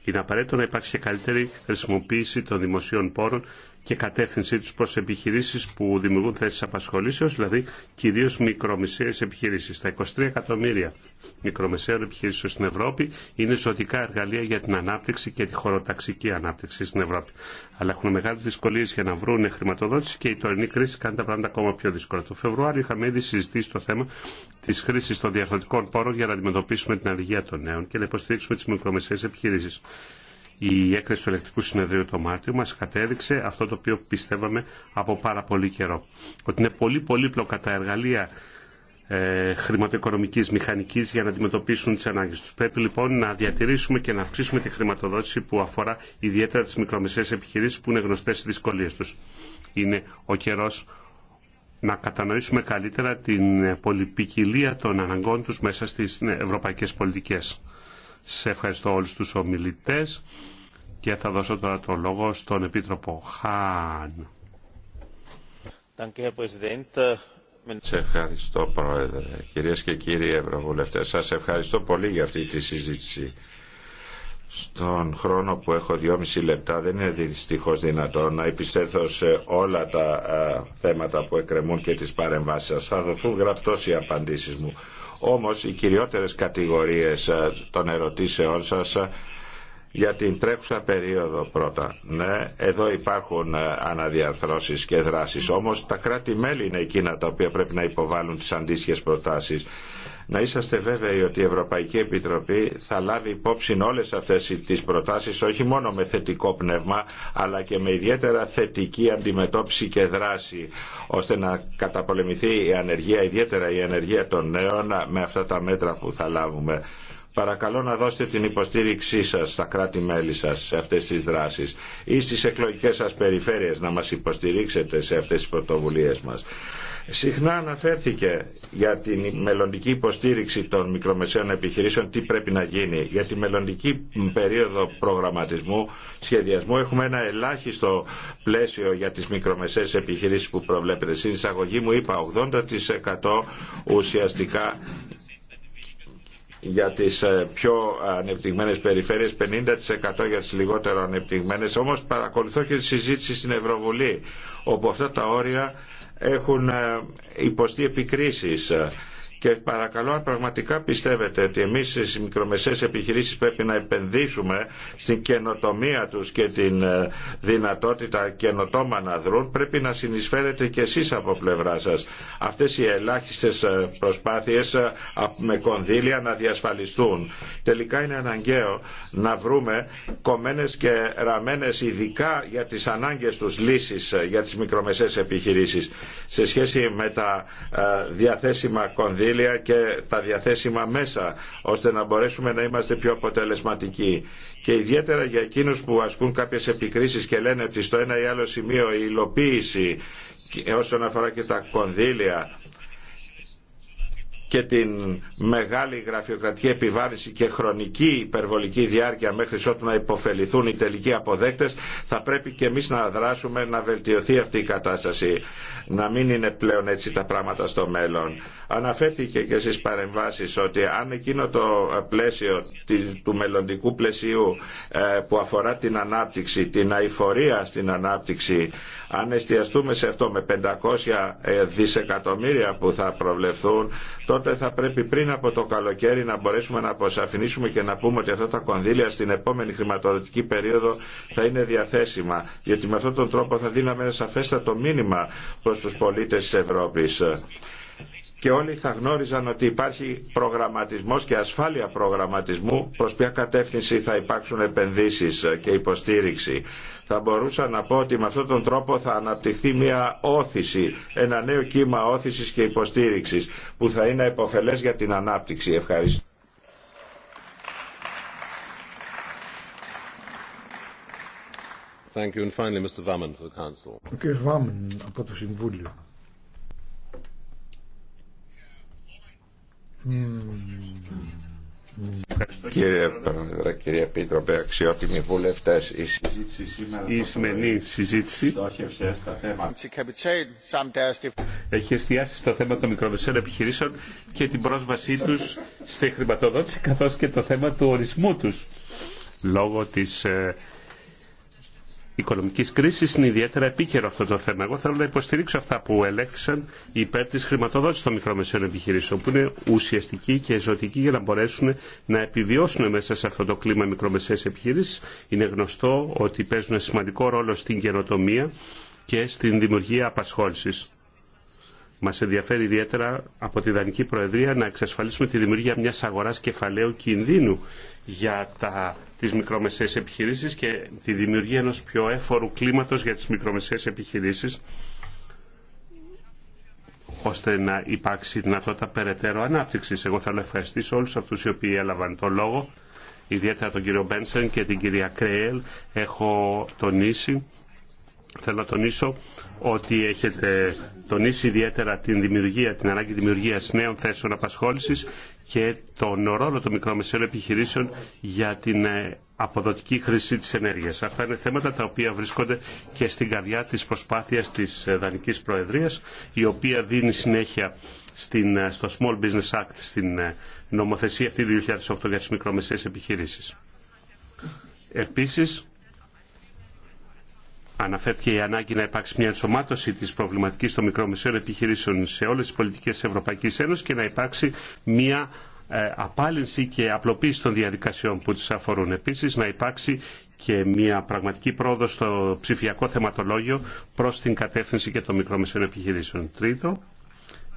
Είναι απαραίτητο να υπάρξει και καλύτερη χρησιμοποίηση των δημοσίων πόρων και κατεύθυνσή τους προς επιχειρήσεις που δημιουργούν θέσεις απασχολήσεως, δηλαδή κυρίως μικρομεσαίες επιχειρήσεις. Τα 23 εκατομμύρια μικρομεσαίων επιχειρήσεων στην Ευρώπη είναι ζωτικά εργαλεία για την ανάπτυξη και τη χωροταξική ανάπτυξη στην Ευρώπη. Αλλά έχουν μεγάλες δυσκολίες για να βρουν χρηματοδότηση και η τωρινή κρίση κάνει τα πράγματα ακόμα πιο δύσκολα. Το Φεβρουάριο είχαμε ήδη συζητήσει το θέμα της χρήσης των διαφορετικών πόρων για να αντιμετωπίσουμε την αργία των νέων και να υποστηρίξουμε τις μικρομεσαίες επιχειρήσεις η έκθεση του Ελεκτρικού Συνεδρίου το Μάρτιο μας κατέδειξε αυτό το οποίο πιστεύαμε από πάρα πολύ καιρό. Ότι είναι πολύ πολύπλοκα τα εργαλεία ε, χρηματοοικονομικής μηχανικής για να αντιμετωπίσουν τις ανάγκες τους. Πρέπει λοιπόν να διατηρήσουμε και να αυξήσουμε τη χρηματοδότηση που αφορά ιδιαίτερα τις μικρομεσαίες επιχειρήσεις που είναι γνωστές οι δυσκολίες τους. Είναι ο καιρός να κατανοήσουμε καλύτερα την πολυπικιλία των αναγκών τους μέσα στις ευρωπαϊκές πολιτικές. Σε ευχαριστώ όλους τους ομιλητές και θα δώσω τώρα το λόγο στον Επίτροπο Χάν. Σε ευχαριστώ Πρόεδρε, κυρίες και κύριοι Ευρωβουλευτές. Σας ευχαριστώ πολύ για αυτή τη συζήτηση. Στον χρόνο που έχω δυόμιση λεπτά δεν είναι δυστυχώ δυνατόν να επιστρέψω σε όλα τα θέματα που εκκρεμούν και τις παρεμβάσεις σας. Θα δοθούν γραπτώσει οι απαντήσεις μου. Όμως οι κυριότερες κατηγορίες ε, των ερωτήσεών σας για την τρέχουσα περίοδο πρώτα. Ναι, εδώ υπάρχουν ε, αναδιαρθρώσεις και δράσεις, όμως τα κράτη-μέλη είναι εκείνα τα οποία πρέπει να υποβάλουν τις αντίστοιχες προτάσεις. Να είσαστε βέβαιοι ότι η Ευρωπαϊκή Επιτροπή θα λάβει υπόψη όλες αυτές τις προτάσεις, όχι μόνο με θετικό πνεύμα, αλλά και με ιδιαίτερα θετική αντιμετώπιση και δράση, ώστε να καταπολεμηθεί η ανεργία, ιδιαίτερα η ανεργία των νέων, με αυτά τα μέτρα που θα λάβουμε. Παρακαλώ να δώσετε την υποστήριξή σας στα κράτη-μέλη σας σε αυτές τις δράσεις ή στις εκλογικές σας περιφέρειες να μας υποστηρίξετε σε αυτές τις πρωτοβουλίες μας. Συχνά αναφέρθηκε για τη μελλοντική υποστήριξη των μικρομεσαίων επιχειρήσεων τι πρέπει να γίνει. Για τη μελλοντική περίοδο προγραμματισμού, σχεδιασμού έχουμε ένα ελάχιστο πλαίσιο για τις μικρομεσαίες επιχειρήσεις που προβλέπετε. Στην εισαγωγή μου είπα 80% ουσιαστικά για τις ε, πιο ανεπτυγμένες περιφέρειες, 50% για τις λιγότερο ανεπτυγμένες. Όμως παρακολουθώ και τη συζήτηση στην Ευρωβουλή, όπου αυτά τα όρια έχουν ε, υποστεί επικρίσεις και παρακαλώ αν πραγματικά πιστεύετε ότι εμείς στις μικρομεσαίες επιχειρήσεις πρέπει να επενδύσουμε στην καινοτομία τους και την ε, δυνατότητα καινοτόμα να δρουν, πρέπει να συνεισφέρετε και εσείς από πλευρά σας. Αυτές οι ελάχιστες ε, προσπάθειες ε, με κονδύλια να διασφαλιστούν. Τελικά είναι αναγκαίο να βρούμε κομμένες και ραμμένες ειδικά για τις ανάγκες τους λύσεις για τις μικρομεσαίες επιχειρήσεις σε σχέση με τα διαθέσιμα κονδύλια και τα διαθέσιμα μέσα ώστε να μπορέσουμε να είμαστε πιο αποτελεσματικοί. Και ιδιαίτερα για εκείνους που ασκούν κάποιες επικρίσεις και λένε ότι στο ένα ή άλλο σημείο η υλοποίηση όσον αφορά και τα κονδύλια και την μεγάλη γραφειοκρατική επιβάρηση και χρονική υπερβολική διάρκεια μέχρι ότου να υποφεληθούν οι τελικοί αποδέκτες θα πρέπει και εμείς να δράσουμε να βελτιωθεί αυτή η κατάσταση να μην είναι πλέον έτσι τα πράγματα στο μέλλον αναφέρθηκε και στις παρεμβάσεις ότι αν εκείνο το πλαίσιο του μελλοντικού πλαισίου ε, που αφορά την ανάπτυξη την αηφορία στην ανάπτυξη αν εστιαστούμε σε αυτό με 500 ε, δισεκατομμύρια που θα προβλεφθούν τότε θα πρέπει πριν από το καλοκαίρι να μπορέσουμε να αποσαφηνίσουμε και να πούμε ότι αυτά τα κονδύλια στην επόμενη χρηματοδοτική περίοδο θα είναι διαθέσιμα. Γιατί με αυτόν τον τρόπο θα δίναμε ένα σαφέστατο μήνυμα προς τους πολίτες της Ευρώπης και όλοι θα γνώριζαν ότι υπάρχει προγραμματισμός και ασφάλεια προγραμματισμού προς ποια κατεύθυνση θα υπάρξουν επενδύσεις και υποστήριξη. Θα μπορούσα να πω ότι με αυτόν τον τρόπο θα αναπτυχθεί μια όθηση, ένα νέο κύμα όθησης και υποστήριξης που θα είναι υποφελές για την ανάπτυξη. Ευχαριστώ. Thank you. And finally, Mr. for Council κύριε Πρόεδρε, κύριε Επίτροπε, αξιότιμοι βουλευτέ, η συζήτηση σήμερα. Η σημερινή συζήτηση έχει εστιάσει στο θέμα των μικρομεσαίων επιχειρήσεων και την πρόσβασή του σε χρηματοδότηση καθώ και το θέμα του ορισμού του λόγω της ε, οικονομική κρίση είναι ιδιαίτερα επίκαιρο αυτό το θέμα. Εγώ θέλω να υποστηρίξω αυτά που ελέγχθησαν υπέρ τη χρηματοδότηση των μικρομεσαίων επιχειρήσεων που είναι ουσιαστική και ζωτική για να μπορέσουν να επιβιώσουν μέσα σε αυτό το κλίμα μικρομεσαίε επιχειρήσει. Είναι γνωστό ότι παίζουν σημαντικό ρόλο στην καινοτομία και στην δημιουργία απασχόληση. Μα ενδιαφέρει ιδιαίτερα από τη Δανική Προεδρία να εξασφαλίσουμε τη δημιουργία μια αγορά κεφαλαίου κινδύνου για τα, τις μικρομεσαίες επιχειρήσεις και τη δημιουργία ενός πιο έφορου κλίματος για τις μικρομεσαίες επιχειρήσεις ώστε να υπάρξει δυνατότητα περαιτέρω ανάπτυξη. Εγώ θέλω να ευχαριστήσω όλου αυτού οι οποίοι έλαβαν το λόγο, ιδιαίτερα τον κύριο Μπένσεν και την κυρία Κρέελ. Έχω τονίσει, θέλω να τονίσω ότι έχετε τονίσει ιδιαίτερα την δημιουργία, την ανάγκη δημιουργία νέων θέσεων απασχόληση και τον ρόλο των μικρομεσαίων επιχειρήσεων για την ε, αποδοτική χρήση της ενέργειας. Αυτά είναι θέματα τα οποία βρίσκονται και στην καρδιά της προσπάθειας της ε, Δανικής Προεδρίας, η οποία δίνει συνέχεια στην, ε, στο Small Business Act, στην νομοθεσία αυτή του 2008 για τις μικρομεσαίες επιχειρήσεις. Επίσης, Αναφέρθηκε η ανάγκη να υπάρξει μια ενσωμάτωση τη προβληματική των μικρομεσαίων επιχειρήσεων σε όλε τι πολιτικέ τη Ευρωπαϊκή Ένωση και να υπάρξει μια ε, απάλυνση και απλοποίηση των διαδικασιών που τι αφορούν. επίση να υπάρξει και μια πραγματική πρόοδο στο ψηφιακό θεματολόγιο προ την κατεύθυνση και των μικρομεσαίων επιχειρήσεων. Τρίτο,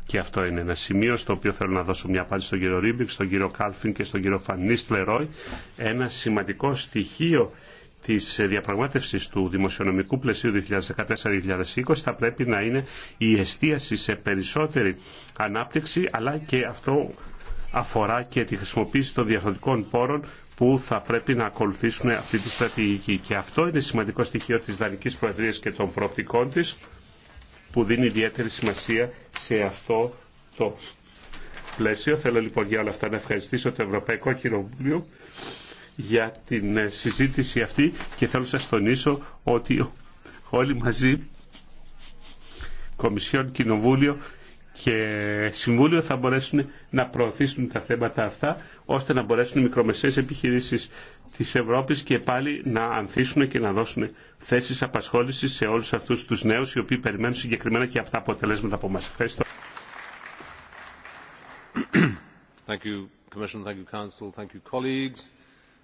και αυτό είναι ένα σημείο στο οποίο θέλω να δώσω μια απάντηση στον κύριο Ρίμπιξ, στον κύριο Κάλφιν και στον κύριο Φανίστ Λερόι, ένα σημαντικό στοιχείο Τη διαπραγμάτευση του δημοσιονομικού πλαισίου 2014-2020 θα πρέπει να είναι η εστίαση σε περισσότερη ανάπτυξη αλλά και αυτό αφορά και τη χρησιμοποίηση των διαφορετικών πόρων που θα πρέπει να ακολουθήσουν αυτή τη στρατηγική. Και αυτό είναι σημαντικό στοιχείο της Δανικής Προεδρίας και των προοπτικών της που δίνει ιδιαίτερη σημασία σε αυτό το πλαίσιο. Θέλω λοιπόν για όλα αυτά να ευχαριστήσω το Ευρωπαϊκό Κοινοβούλιο για την ε, συζήτηση αυτή και θέλω να σας τονίσω ότι όλοι μαζί Κομισιόν, Κοινοβούλιο και Συμβούλιο θα μπορέσουν να προωθήσουν τα θέματα αυτά ώστε να μπορέσουν οι μικρομεσαίες επιχειρήσεις της Ευρώπης και πάλι να ανθίσουν και να δώσουν θέσεις απασχόλησης σε όλους αυτούς τους νέους οι οποίοι περιμένουν συγκεκριμένα και αυτά αποτελέσματα από μας. Ευχαριστώ. Thank you, Thank you, Council. Thank you, colleagues.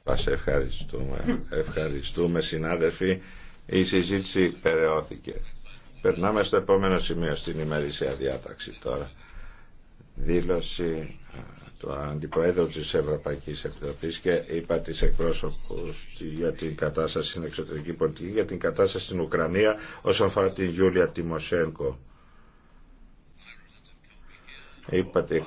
Σας ευχαριστούμε. Ευχαριστούμε συνάδελφοι. Η συζήτηση περαιώθηκε. Περνάμε στο επόμενο σημείο στην ημερήσια διάταξη τώρα. Δήλωση του Αντιπροέδρου της Ευρωπαϊκής Επιτροπής και είπα της εκπρόσωπους για την κατάσταση στην εξωτερική πολιτική, για την κατάσταση στην Ουκρανία όσον αφορά την Γιούλια Τιμοσέγκο. Είπατε